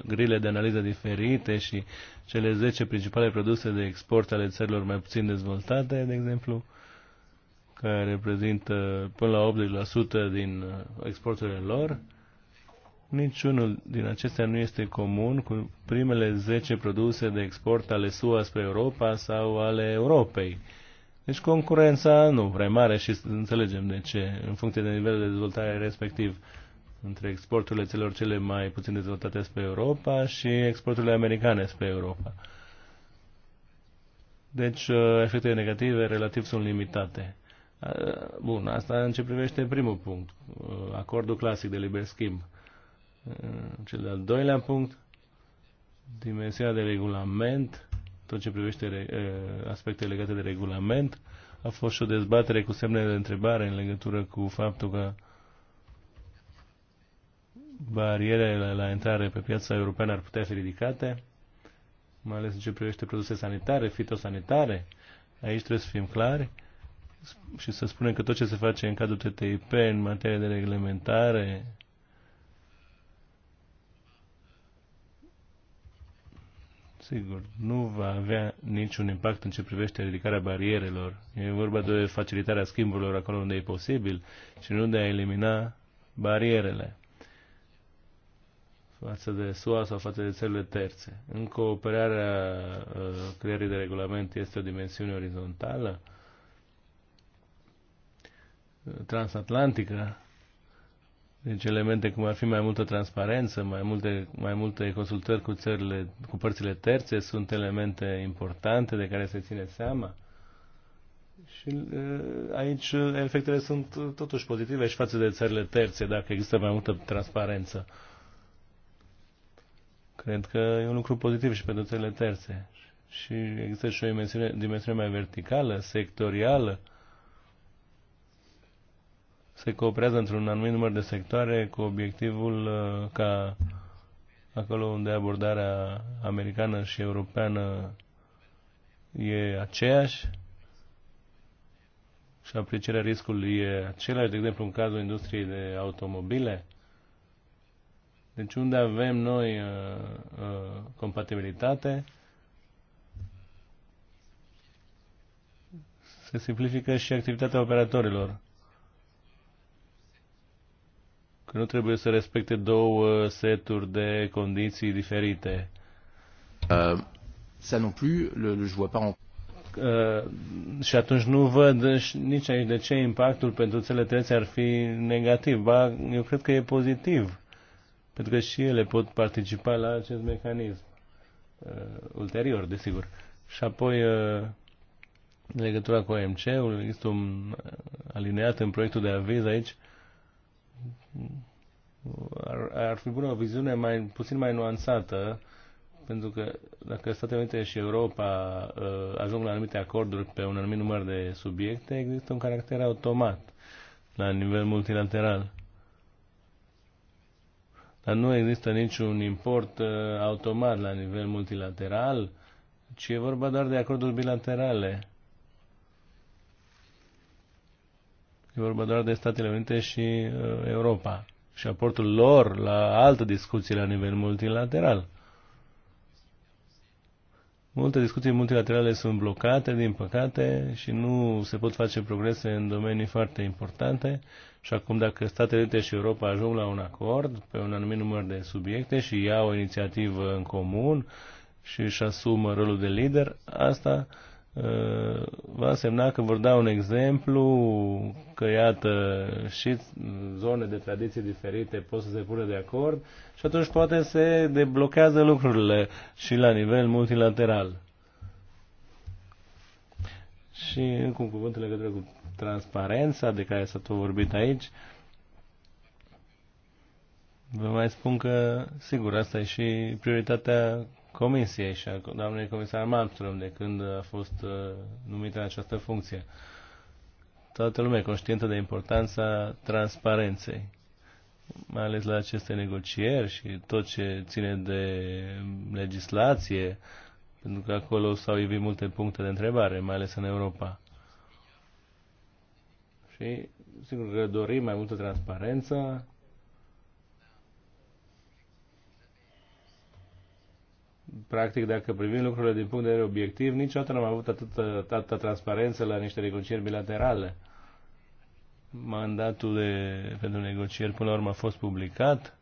grile de analiză diferite și cele 10 principale produse de export ale țărilor mai puțin dezvoltate, de exemplu, care reprezintă până la 80% din uh, exporturile lor, Niciunul din acestea nu este comun cu primele 10 produse de export ale SUA spre Europa sau ale Europei. Deci concurența nu prea mare și înțelegem de ce, în funcție de nivelul de dezvoltare respectiv între exporturile celor cele mai puțin dezvoltate spre Europa și exporturile americane spre Europa. Deci uh, efectele negative relativ sunt limitate. Uh, bun, asta în ce privește primul punct, uh, acordul clasic de liber schimb. Cel de-al doilea punct, dimensiunea de regulament, tot ce privește aspecte legate de regulament, a fost și o dezbatere cu semne de întrebare în legătură cu faptul că barierele la intrare pe piața europeană ar putea fi ridicate, mai ales în ce privește produse sanitare, fitosanitare. Aici trebuie să fim clari și să spunem că tot ce se face în cadrul TTIP în materie de reglementare sigur, nu va avea niciun impact în ce privește ridicarea barierelor. E vorba de facilitarea schimburilor acolo unde e posibil și nu de a elimina barierele față de SUA sau față de țările terțe. În cooperarea uh, creierii de regulament este o dimensiune orizontală, uh, transatlantică, deci elemente cum ar fi mai multă transparență, mai multe, mai multe consultări cu, țările, cu părțile terțe sunt elemente importante de care se ține seama. Și uh, aici uh, efectele sunt uh, totuși pozitive și față de țările terțe, dacă există mai multă transparență. Cred că e un lucru pozitiv și pentru țările terțe. Și există și o dimensiune, dimensiune mai verticală, sectorială, uh, se cooperează într-un anumit număr de sectoare cu obiectivul uh, ca acolo unde abordarea americană și europeană e aceeași și aprecierea riscului e același, de exemplu în cazul industriei de automobile. Deci unde avem noi uh, uh, compatibilitate, se simplifică și activitatea operatorilor. că nu trebuie să respecte două seturi de condiții diferite. Uh, ça non plus, le, le, je vois pas en... Uh, și atunci nu văd nici aici de ce impactul pentru cele trei ar fi negativ. Ba, eu cred că e pozitiv, pentru că și ele pot participa la acest mecanism uh, ulterior, desigur. Și apoi, uh, în legătura cu OMC-ul, există un uh, alineat în proiectul de aviz aici uh, ar, ar fi bună o viziune mai, puțin mai nuanțată, pentru că dacă Statele Unite și Europa uh, ajung la anumite acorduri pe un anumit număr de subiecte, există un caracter automat la nivel multilateral. Dar nu există niciun import uh, automat la nivel multilateral, ci e vorba doar de acorduri bilaterale. E vorba doar de Statele Unite și uh, Europa și aportul lor la altă discuție la nivel multilateral. Multe discuții multilaterale sunt blocate, din păcate, și nu se pot face progrese în domenii foarte importante. Și acum, dacă Statele Unite și Europa ajung la un acord pe un anumit număr de subiecte și iau o inițiativă în comun și își asumă rolul de lider, asta uh, va însemna că vor da un exemplu, că iată și zone de tradiții diferite pot să se pună de acord și atunci poate se deblochează lucrurile și la nivel multilateral. Și încă un cuvânt în legătură cu transparența de care s-a tot vorbit aici, vă mai spun că, sigur, asta e și prioritatea Comisiei și a doamnei comisar Malmström de când a fost uh, numită în această funcție. Toată lumea e conștientă de importanța transparenței, mai ales la aceste negocieri și tot ce ține de legislație, pentru că acolo s-au ivit multe puncte de întrebare, mai ales în Europa. Și sigur că dorim mai multă transparență, practic, dacă privim lucrurile din punct de vedere obiectiv, niciodată n-am avut atâta, atâta transparență la niște negocieri bilaterale. Mandatul de, pentru negocieri, până la urmă, a fost publicat.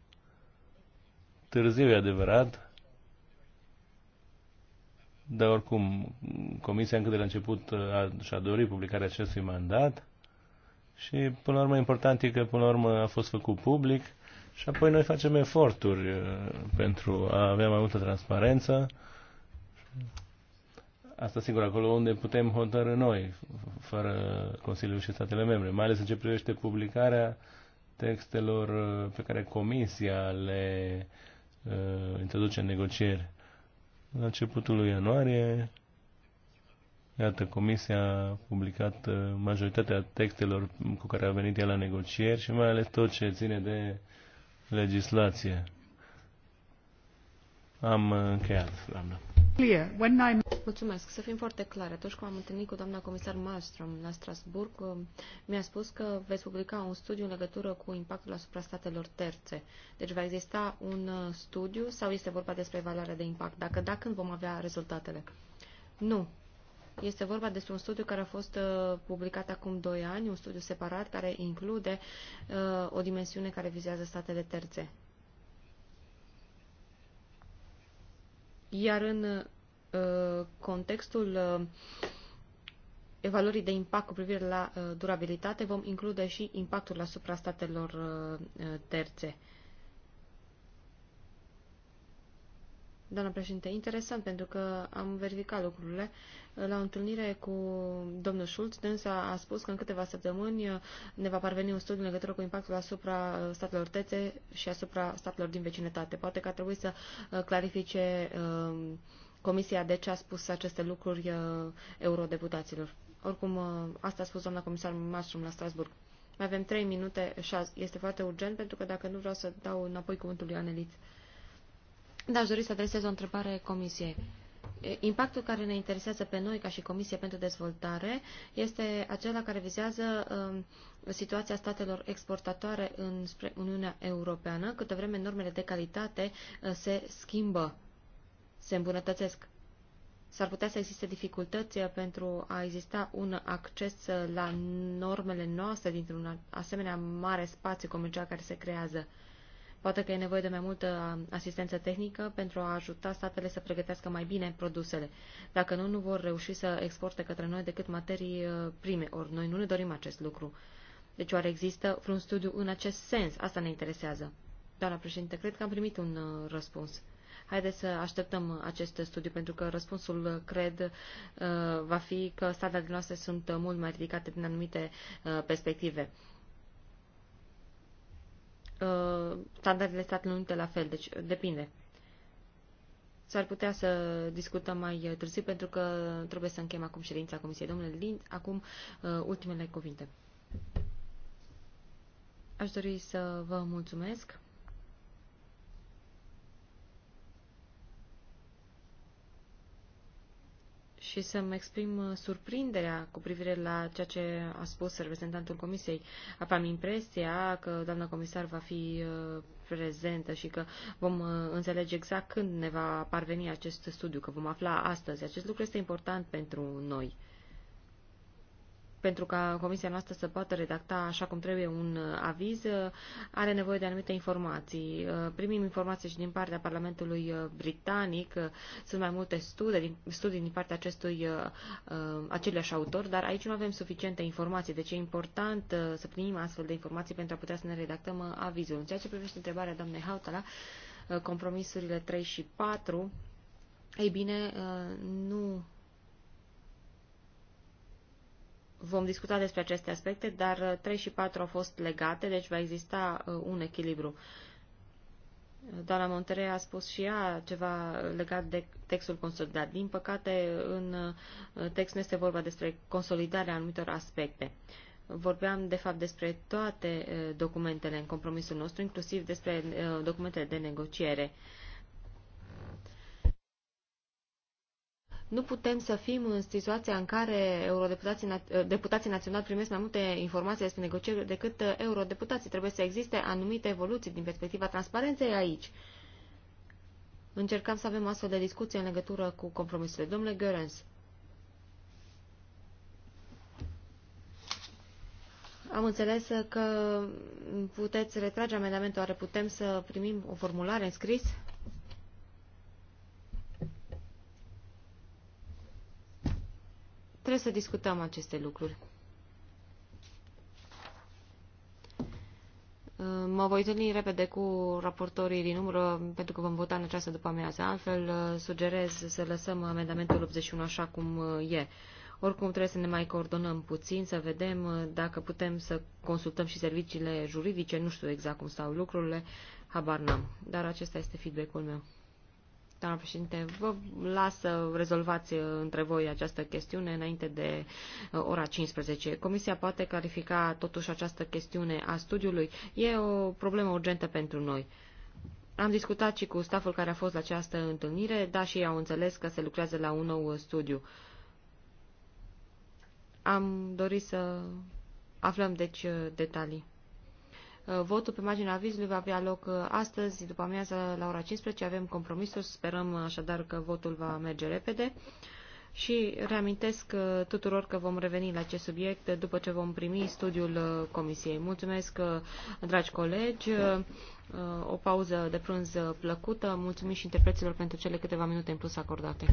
Târziu, e adevărat. Dar, oricum, Comisia încă de la început uh, a, și-a dorit publicarea acestui mandat. Și, până la urmă, important e că, până la urmă, a fost făcut public și apoi noi facem eforturi uh, pentru a avea mai multă transparență. Asta sigur acolo unde putem hotărâ noi, fără Consiliul și statele membre, mai ales în ce privește publicarea textelor uh, pe care Comisia le uh, introduce în negocieri. La începutul lui ianuarie, iată, Comisia a publicat uh, majoritatea textelor cu care a venit ea la negocieri și mai ales tot ce ține de uh, legislație. Am uh, încheiat, doamnă. Clear. When I'm... Mulțumesc. Să fim foarte clare. Atunci când am întâlnit cu doamna comisar Malmström la Strasburg, uh, mi-a spus că veți publica un studiu în legătură cu impactul asupra statelor terțe. Deci va exista un uh, studiu sau este vorba despre evaluarea de impact? Dacă da, când vom avea rezultatele? Nu. Este vorba despre un studiu care a fost uh, publicat acum 2 ani, un studiu separat care include uh, o dimensiune care vizează statele terțe. Iar în uh, contextul evaluării de impact cu privire la durabilitate vom include și impactul asupra statelor terțe. Doamna președinte, interesant pentru că am verificat lucrurile. La o întâlnire cu domnul Schulz, dânsa a spus că în câteva săptămâni ne va parveni un studiu în legătură cu impactul asupra statelor tețe și asupra statelor din vecinătate. Poate că ar trebui să uh, clarifice uh, Comisia de ce a spus aceste lucruri uh, eurodeputaților. Oricum, asta a spus doamna comisar Mastrum la Strasburg. Mai avem trei minute, și Este foarte urgent pentru că dacă nu vreau să dau înapoi cuvântul lui Aneliț. Da, aș dori să adresez o întrebare Comisiei. Impactul care ne interesează pe noi ca și Comisie pentru Dezvoltare este acela care vizează um, situația statelor exportatoare spre Uniunea Europeană, câtă vreme normele de calitate uh, se schimbă, se îmbunătățesc. S-ar putea să existe dificultăți uh, pentru a exista un acces uh, la normele noastre dintr-un asemenea mare spațiu comercial care se creează. Poate că e nevoie de mai multă asistență tehnică pentru a ajuta statele să pregătească mai bine produsele. Dacă nu, nu vor reuși să exporte către noi decât materii uh, prime, ori noi nu ne dorim acest lucru. Deci oare există vreun studiu în acest sens? Asta ne interesează. Doamna președinte, cred că am primit un uh, răspuns. Haideți să așteptăm acest studiu, pentru că răspunsul, uh, cred, va fi că statele noastre sunt mult mai ridicate din anumite perspective. Uh, standardele Statelor Unite la fel, deci uh, depinde. S-ar putea să discutăm mai uh, târziu pentru că trebuie să închem acum ședința Comisiei. Domnule Lind, acum ultimele cuvinte. Aș dori să vă mulțumesc și să-mi exprim uh, surprinderea cu privire la ceea ce a spus reprezentantul Comisiei. Aveam impresia că doamna comisar va fi uh, prezentă și că vom uh, înțelege exact când ne va parveni acest studiu, că vom afla astăzi. Acest lucru este important pentru noi pentru ca comisia noastră să poată redacta așa cum trebuie un uh, aviz, uh, are nevoie de anumite informații. Uh, primim informații și din partea Parlamentului Britanic, sunt mai multe studii, studii din partea acestui aceleași autor, dar aici nu avem suficiente informații, deci e important să primim astfel de informații pentru a putea să ne redactăm avizul. În ceea ce privește întrebarea doamnei Hautala, compromisurile 3 și 4, ei bine, nu Vom discuta despre aceste aspecte, dar 3 uh, și 4 au fost legate, deci va exista uh, un echilibru. Doamna Monterey a spus și ea ceva legat de textul consolidat. Din păcate, în uh, text nu este vorba despre consolidarea anumitor aspecte. Vorbeam, de fapt, despre toate documentele în compromisul nostru, inclusiv despre documentele de negociere. Nu putem să fim în situația în care eurodeputații, eh, deputații naționali primesc mai multe informații despre negocieri decât eh, eurodeputații. Trebuie să existe anumite evoluții din perspectiva transparenței aici. Încercăm să avem astfel de discuție în legătură cu compromisurile. Domnule Görens, am înțeles că puteți retrage amendamentul, oare putem să primim o formulare în scris? Trebuie să discutăm aceste lucruri. Uh, mă voi întâlni repede cu raportorii din umbră, pentru că vom vota în această după amiază. Altfel, uh, sugerez să lăsăm amendamentul 81 așa cum uh, e. Oricum, trebuie să ne mai coordonăm puțin, să vedem dacă putem să consultăm și serviciile juridice. Nu știu exact cum stau lucrurile, habar n-am. Dar acesta este feedback-ul meu. Doamna președinte, vă las să rezolvați uh, între voi această chestiune înainte de uh, ora 15. Comisia poate clarifica totuși această chestiune a studiului. E o problemă urgentă pentru noi. Am discutat și cu staful care a fost la această întâlnire, dar și ei au înțeles că se lucrează la un nou uh, studiu. Am dorit să aflăm, deci, detalii. Uh, votul pe marginea avizului va avea loc uh, astăzi, după amiază, la ora 15. Avem compromisul. sperăm uh, așadar că votul va merge repede. Și reamintesc tuturor că vom reveni la acest subiect după ce vom primi studiul Comisiei. Mulțumesc, dragi colegi, o pauză de prânz plăcută, mulțumim și interpreților pentru cele câteva minute în plus acordate.